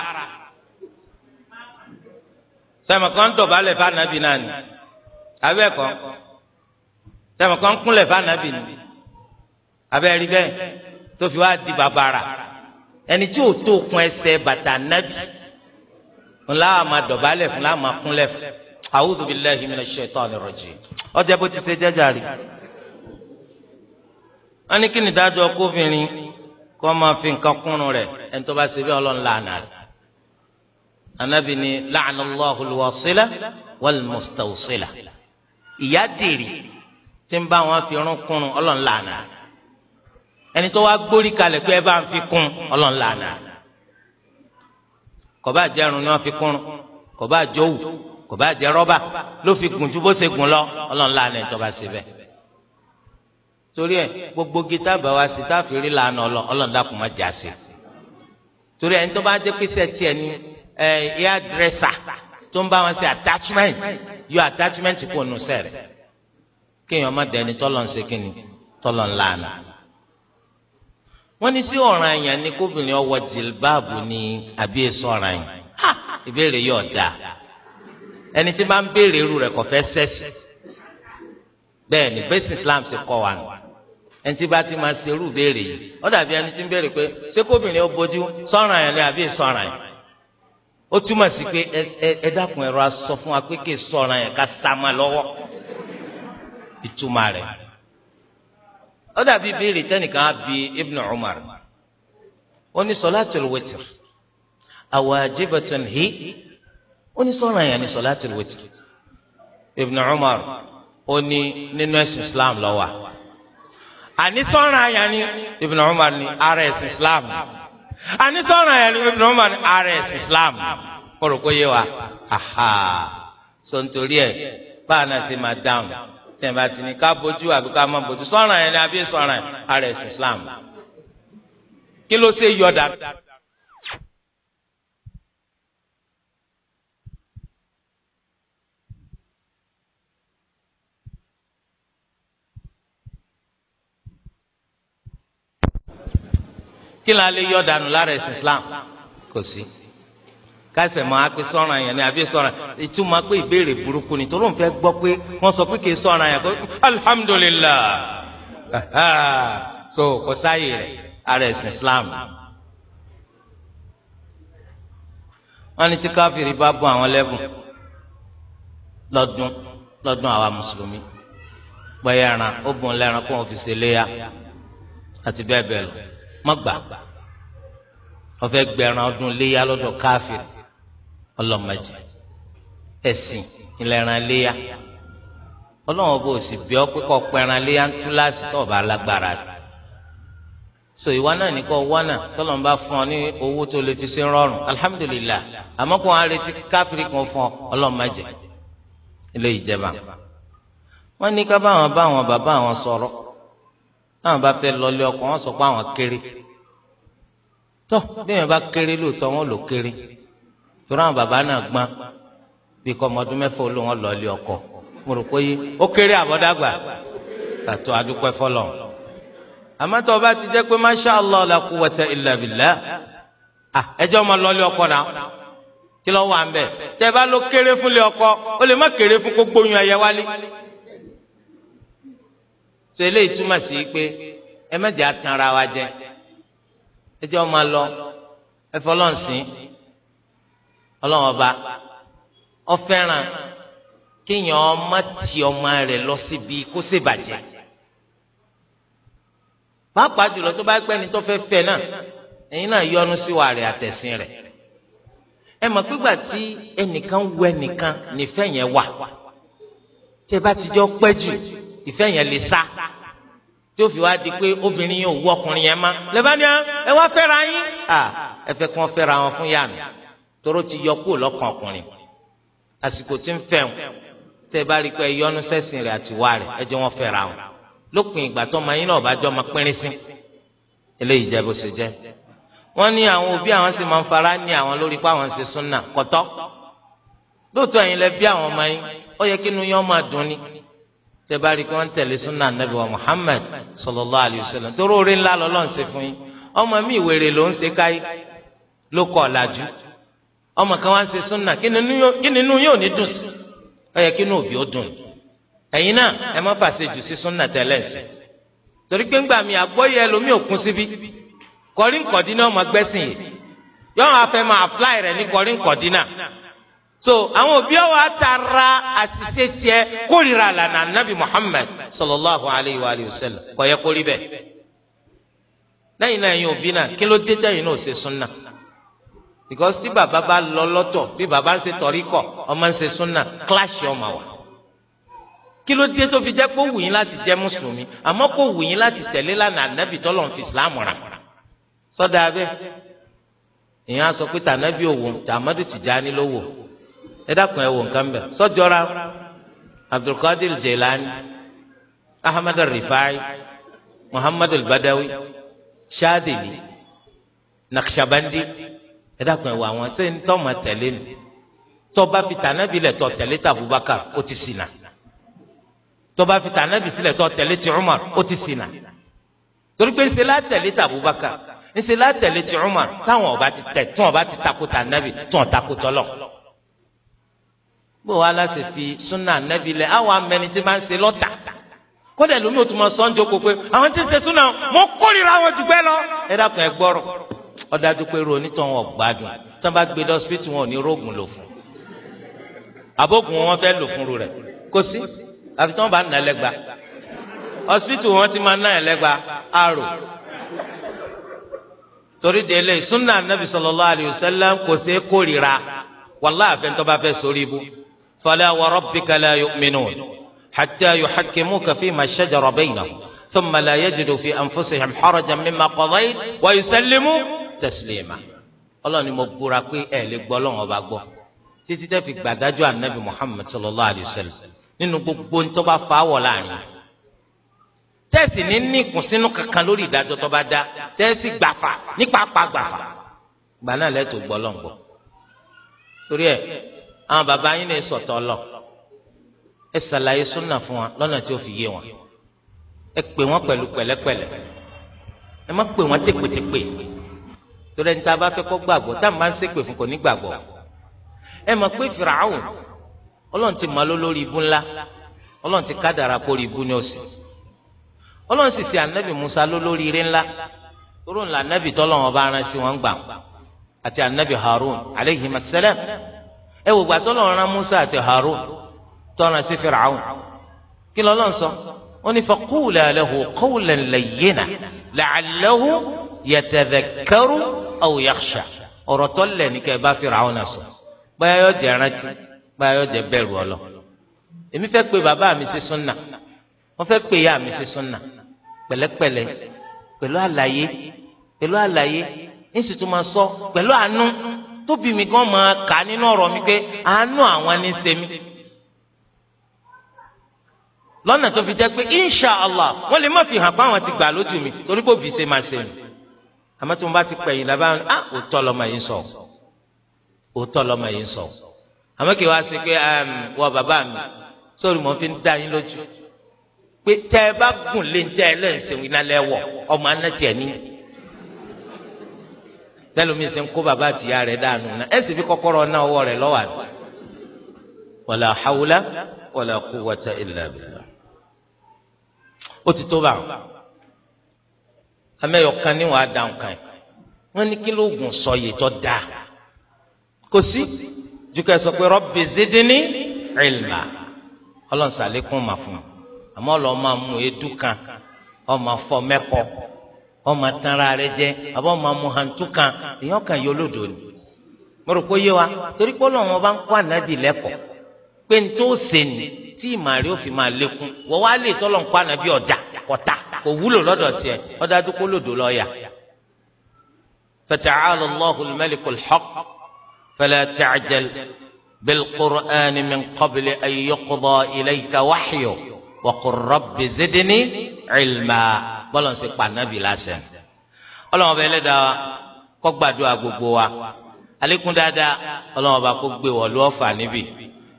sẹ́mi kan dọ̀bálẹ̀ fún anabi náà abẹ́ kan sẹ́mi kan kúnlẹ̀ fànàbì ni abẹ́rẹ́ bẹ́ẹ̀ tó fi wá di bàbàrà ẹni tí ò tó kun ẹsẹ̀ bàtà nàbì ńlá àmà dọ̀bálẹ̀ fún láàmà kúnlẹ̀ fún a'udhu billahi minash shaitani rajim ọjọ́ bó ti ṣe jẹ́jàre wọ́n ní kí ni dájọ́ kóbìnrin kó máa fi nǹkan kúnrun rẹ̀ ẹni tó bá ṣe bí ọlọ́run làánà rẹ̀ anabi ni la'anallahu alwasila walmustawsila ìyá dèrè tí ń bá wọn fi irun kúnrun ọlọ́run lànà ẹni tó wá gbórí kalẹ̀ pé ẹ bá ń fi kún ọlọ́run lànà kò bá jẹ́ irun ni wọ́n fi kúnrun kò bá jẹ́ òwú kò bá jẹ́ rọ́bà ló fi gùn ju bó ṣe gùn lọ ọlọ́run ìjọba ṣe bẹ́ẹ̀ torí ẹ gbogbo gita bá wa sí táfìrí lànà ọlọ́run dàkú má jà sí torí ẹni tó bá dé pèsè tiẹ̀ ní ẹ̀ ẹ́ dírẹ́sà tó ń bá wọn ṣe attachment yọ attachment kò nù sẹ́rẹ̀ kéèyàn má dẹni tọ́lọ̀ ń ṣe kíni tọ́lọ̀ ń lànà. wọ́n ní sí ọ̀ràn àyàn ni kóbìnrin ọwọ́ jìlbáàbù ni àbí èso ọ̀ràn àyàn ìbéèrè yóò dà ẹni tí máa ń béèrè irú rẹ̀ kò fẹ́ sẹ́sì bẹ́ẹ̀ ni bẹ́sì Islam ṣe kọ́ wa nù ẹni tí bá ti máa ṣe irú béèrè yìí ó dàbí ẹni tí ń béèrè pé ṣé kóbìnrin ó bójú sọ̀ràn àyàn ni àbí èso ọ̀ràn àyàn ó túmọ̀ sí pé ẹ dákun ẹ̀rọ asọ fún wa pé kì í sọ̀ràn àyàn ká sá máa lọ́wọ́ ìtumọ̀ rẹ̀ ó dàbí béèrè tẹnìkan á bi Ibn Umar ó ní sọláàtìl wẹtìr àwàjibatan hi ó ní sọ̀rọ̀ àyàn ní sọláàtìl wẹtìr Ibn Umar ó ní nínú ẹ̀sìn Islam lọ́wọ́ àní sọ̀rọ̀ àyàn ní Ibn Umar ní ara ẹ̀sìn Islam àní sọ̀rọ̀ àyàn Umar ní ara Islam kó rò kó wa aha sọ nítorí ẹ báà náà tẹnba ti ní ká bójú àbí ká má bójú sọ̀ràn yẹn ni àbí sọ̀ràn yẹn ara ẹ̀sìn Islam kí ló ṣe yọ dàbí. kí la lè yọ dànù lára ẹ̀sìn Islam kò sí kásẹ̀ mọ́ apẹ́ sọ́ràn yẹn ni àbí sọ́ràn ìtumọ̀ pé ìbéèrè burúkú ni torí òun fẹ́ gbọ́ pé wọ́n sọ pé kì í sọ́ràn yẹn kó alhamdulillah so kò sáyè rẹ̀ ara ẹ̀sìn Islam. wọ́n ní tí káfíìrì bá bọ́ àwọn lẹ́bùn lọ́dún lọ́dún àwa mùsùlùmí gbẹ̀yẹ̀ ẹran ó bùn lẹ́ran kó wọn fi ṣe léyà àti bẹ́ẹ̀ bẹ́ẹ̀ lọ mọ́gbà ọ̀fẹ́ gbẹ̀ràn ọdún léyà lọ́dọ̀ káfíìrì ọlọ́mọdé ẹ̀sìn ìlẹ̀ràn léyà ọlọ́wọ́n bó sì bí ọ pé kọ́ pẹran léyà ń túláàsì tó bá lágbára rẹ̀ so ìwà náà ní kọ́ wánà tọ́lọ́n bá fún ọ ní owó tó lè fi sí rọrùn alhamdulilah àmọ́ kó wọn retí káfírí kan fún ọ ọlọ́mọdé ilé ìjẹba wọn ní ká báwọn bá àwọn bàbá àwọn sọ̀rọ̀ táwọn bá fẹ́ lọlé ọkọ wọn sọ pé àwọn kéré tó bí wọn bá kéré lóòótọ́ wọn lò kéré. tura àwọn bàbá náà gbọ́n bí kọ́ ọmọdún mẹ́fà olóhùn ọlọ́ọ̀lì ọkọ mo rò pé ó kéré àbọ̀dàgbà tàtó adúpẹ́ fọlọ́ àmọ́ bá ti jẹ́ pé masha allah la quwwata ọkọ náà kí wà ń tẹ bá ló kéré ọkọ ó lè má kéré fún kó gbóyún ẹyẹ wálé tó eléyìí túmọ̀ sí pé ẹ atanra wa jẹ ọmọ lọ ẹ ọlọ́run ba, ó fẹ́ràn kéèyàn ọmọ tí ọmọ rẹ̀ lọ síbi kó ṣèbàjẹ́ pàápàá jùlọ tó bá gbẹ́ni tó fẹ́ fẹ́ náà ẹ̀yin náà yọ́nú sí wa rẹ̀ àtẹ̀sìn rẹ̀ ẹ mọ̀ pígbà tí ẹnìkan wọ ẹnìkan nífẹ̀ẹ́ yẹn wà tẹ bá ti jọ pẹ́ jù ìfẹ́ yẹn lè sá tí ó fi wá di pé obìnrin yẹn ò ọkùnrin yẹn má lẹ́bàá ni ẹ wá fẹ́ra yín ẹ fẹ́ kí wọ́n fẹ́ra wọn fún yàrá. Toro ti yọ kúrò lọ́kàn ọkùnrin àsìkò tí ń fẹ́ wọn tẹ́ bá rí i pé yọnu sẹ́sìn rẹ̀ àti wá rẹ̀ ẹ jẹ́ wọn fẹ́ra wọn lópin ìgbà tó ọmọ yín náà bá jọ ọmọ pínrín sí eléyìí jẹ́ bó ṣe jẹ́ wọ́n ní àwọn òbí àwọn sì máa ń fara ní àwọn lórí pé àwọn ṣe súnà kọ́tọ́ lóòótọ́ ẹ̀yin lẹ bí àwọn ọmọ yín ó yẹ kí inú máa dùn ni tẹ́ bá rí i pé wọ́n ń súnà nàbì wa Muhammad sallallahu alayhi wa sallam torí oore ńlá lọ́lọ́ ń ṣe fún yín ọmọ mi ìwèrè ló ń ọmọ kan wá ń ṣe súnà kí nínú yóò ní dùn sí ọ yẹ kí inú òbí ó dùn ẹ̀yin náà ẹ má fàṣẹ jù sí súnà tẹ́lẹ̀ sí torí pé ńgbà mi àgbọ́yé ẹlòmíì òkun síbí kọrínkọ̀dí ọmọ gbẹ́sìn yìí yọ̀hún afẹ́ máa apply rẹ̀ ní kọrínkọ̀dí so àwọn òbí ọwọ́ àtàrà àṣìṣe tiẹ̀ kórìíra lànà anabi Muhammad sallallahu alayhi wa sallam kò yẹ kórìí bẹ́ẹ̀ lẹ́yìn náà ẹ̀yin òbí náà kí ló dé tẹ́yìn náà ò ṣe súnà because tí bàbá bá lọ lọ́tọ̀ bí bàbá ń ṣe tọ̀rí kọ̀ ọmọ ń ṣe súnà kíláàsì ọmọ wa kí ló dé tó fi jẹ́ kó wù yín láti jẹ́ mùsùlùmí àmọ́ kó wù yín láti tẹ̀lé lánàá ànábì tọ́lọ̀ ń fi islam rà sọ́dà abẹ́ ìyẹn á sọ pé tànábì òwò tàmádù Tìjání ló wò ẹ dákun ẹ wò nǹkan bẹ̀ sọ́jọ́ra Abdulkadir Jelani Ahmed Rifai Muhammad Badawi Shadili Naqshbandi ẹ dákun ẹ wọ àwọn ṣé ń tọmọ tẹ̀lé nu tọba fi tànàbí lẹ tọ tẹ̀lé tà Abubakar ó ti ṣìnà tọba fi tànàbí sílẹ̀ tọ tẹ̀lé ti Umar ó ti ṣìnà torí pé ńṣe látẹ̀lé tà Abubakar ńṣe látẹ̀lé ti Umar táwọn ọba ti tẹ tí wọn bá ti takò tànàbí tí wọn takò tọlọ bó wa la ṣe fi sunna anabi lẹ àwọn amẹni tí máa ń ṣe lọ́tà kódà lómi ò tún ma sọ́njọ́ kó pé àwọn tí ń ṣe sunna mọ́ kórìíra àwọn jùgbẹ́ lọ. ẹ dákun ẹ gbọ́rọ̀ ó dájú pé ro onítọ̀ wọn gbádùn tí wọ́n bá gbé lọ síbítù wọn ò ní rógùn lò fún àbókùn wọn fẹ́ lò fún rẹ̀ kó sí àfi tí wọ́n bá nà lẹ́gba hospital wọn ti máa ná ẹ̀ lẹ́gba àrò torí délé sunna anabi sallallahu alayhi wa sallam kò sí kórìíra wàllá àfẹnutọ́ bá fẹ́ sórí ibu fala wa rabbika la yu'minun hatta yuhakkimuka fima shajara baynahum thumma la yajidu fi anfusihim harajan mimma qadayt wa yusallimu taslima ọlọ́run ni mo búra pé ẹ lè gbọ́ ọlọ́run ọba gbọ́ títí tẹ́ fi gbàdájọ́ anabi muhammed sallallahu alayhi wa sallam nínú gbogbo tó bá fa wọ̀ láàrin tẹ́sì ní nìkún sínú kankan lórí ìdájọ́ tó bá dá tẹ́sì gbàfà nípapá gbàfà gbà náà lẹ́tọ̀ gbọ́ ọlọ́run gbọ́ torí ẹ àwọn bàbá yín ní sọ̀tọ̀ ọlọ́ ẹ ṣàlàyé súnà fún wa lọ́nà tí ó fi yé wọn ẹ pè wọ́n pẹ̀lú pẹ̀lẹ́pẹ̀lẹ́ ẹ má pè wọ́n tẹ́pẹ́tẹ́pẹ́ torí ẹni tá a bá fẹ́ kó gbàgbọ́ tá a máa ń ṣépè fún kò ní gbàgbọ́ ẹ mọ̀ pé fìràhùn ọlọ́run ti mọ̀ lórí ibú ńlá ọlọ́run ti kádàrà kórì ibú ní òsì ọlọ́run sì ṣe ànábì Musa lólórí ire ńlá lóró ńlá ànábì tọ́lọ́wọ́n bá rán sí wọn gbà àti ànábì Harun aleyhi masalam ẹ wò gbà tọ́lọ́wọ́n rán Musa àti Harun tọ́ran sí fìràhùn kí lọ́lọ́run sọ wọ́n ní faqula lahu qawlan layyina la'allahu aw yakhsha ọ̀rọ̀ tó lẹ̀ ní kẹ́ ẹ bá Fíráúnà náà sọ báyà yóò jẹ́ rántí báyà yóò jẹ́ bẹ̀rù ọlọ èmi fẹ́ pe bàbá mi sí súnà wọ́n fẹ́ pe ìyá mi sí súnà pẹ̀lẹ́pẹ̀lẹ́ pẹ̀lú àlàyé pẹ̀lú àlàyé níṣì tó máa sọ pẹ̀lú àánú tóbi mi gan máa kà nínú ọ̀rọ̀ mi pé àánú àwọn ní ṣe mí lọ́nà tó fi jẹ́ pé insha wọ́n lè má fi hàn pé àwọn ti gbà lójú mi torí kò bí ṣe máa ṣe mi àmọ́ tí mo bá ti pẹ̀yìn lábá á ah, òótọ́ lọ́mọ yìí ń sọ òótọ́ lọ́mọ yìí ń sọ àmọ́ kí wàá ṣe pé wọ bàbá mi sórí mo fi ń dá yín lójú pé tẹ́ ẹ bá gùn lé tẹ́ ẹ lẹ́sìn ìnálẹ́ wọ̀ ọmọ anáti ẹ̀ ní lẹ́lómi ṣe ń kó bàbá àtìyá rẹ̀ dànù náà ẹ̀ sì fi kọ́kọ́rọ́ náà ọwọ́ rẹ̀ lọ́wọ́ àná wàlà hawla wàlà quwwata illa ó ti tó báwọn amẹ́yọ̀kan ni wàá dáhùn kan wọ́n ní kí lóògùn sọ̀yè tó dáa kò sí dukẹ́ sọ pé Rabbi zidni ilma ọlọ́run sàlékún mà fún un àmọ́ lọ́ọ́ máa mú edu ọmọ afọ mẹ́kọ ọmọ tanra rẹ jẹ àbọ̀ ọmọ mú hantu kan èèyàn kan yọ olódò ni mo rò pé yé wa torí pé ọlọ́run ọba ń kó ànábì lẹ́kọ̀ọ́ pé n tó sè ní tí ìmàrí òfin máa lékún wọ́n wá lè tọ́lọ̀ ń kó ànábì ọ̀dà kọ́ta kò wúlò lọ́dọ̀ tiẹ̀ ọ̀dà àdúgbò lòdò lọ́ọ̀yà. فتعالى الله الملك الحق فلا تعجل بالقرآن من قبل أن يقضى إليك وحيه وقل رب زدني علما bọ́lọ̀ ń ṣe pa nábì lásẹ̀. ọlọ́wọ́n bẹ ẹlẹ́dàá kó gbàdúrà gbogbo wa àlékún dáadáa ọlọ́wọ́n bá kó gbé wọ̀lú ọ̀fà níbì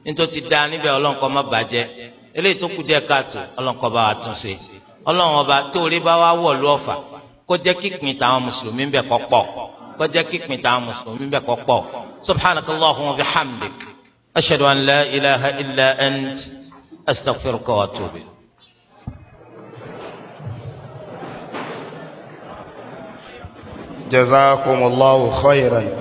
nítorí ti da níbẹ̀ ọlọ́nkọ́ má bàjẹ́ eléyìí tó kù díẹ̀ káàtó ọlọ́nkọ́ bá wa tún ṣe. ọlọ́run ọba tó tóore bá wá wọ̀ lú ọ̀fà kó jẹ́ kíkpin táwọn mùsùlùmí bẹ̀ kọ́ pọ̀ kó jẹ́ kíkpin táwọn mùsùlùmí bẹ̀ kọ́ pọ̀ subhanakallahumma wa bihamdik ashhadu an la ilaha illa ant astaghfiruka wa atubu ilayk. جزاكم الله خيرا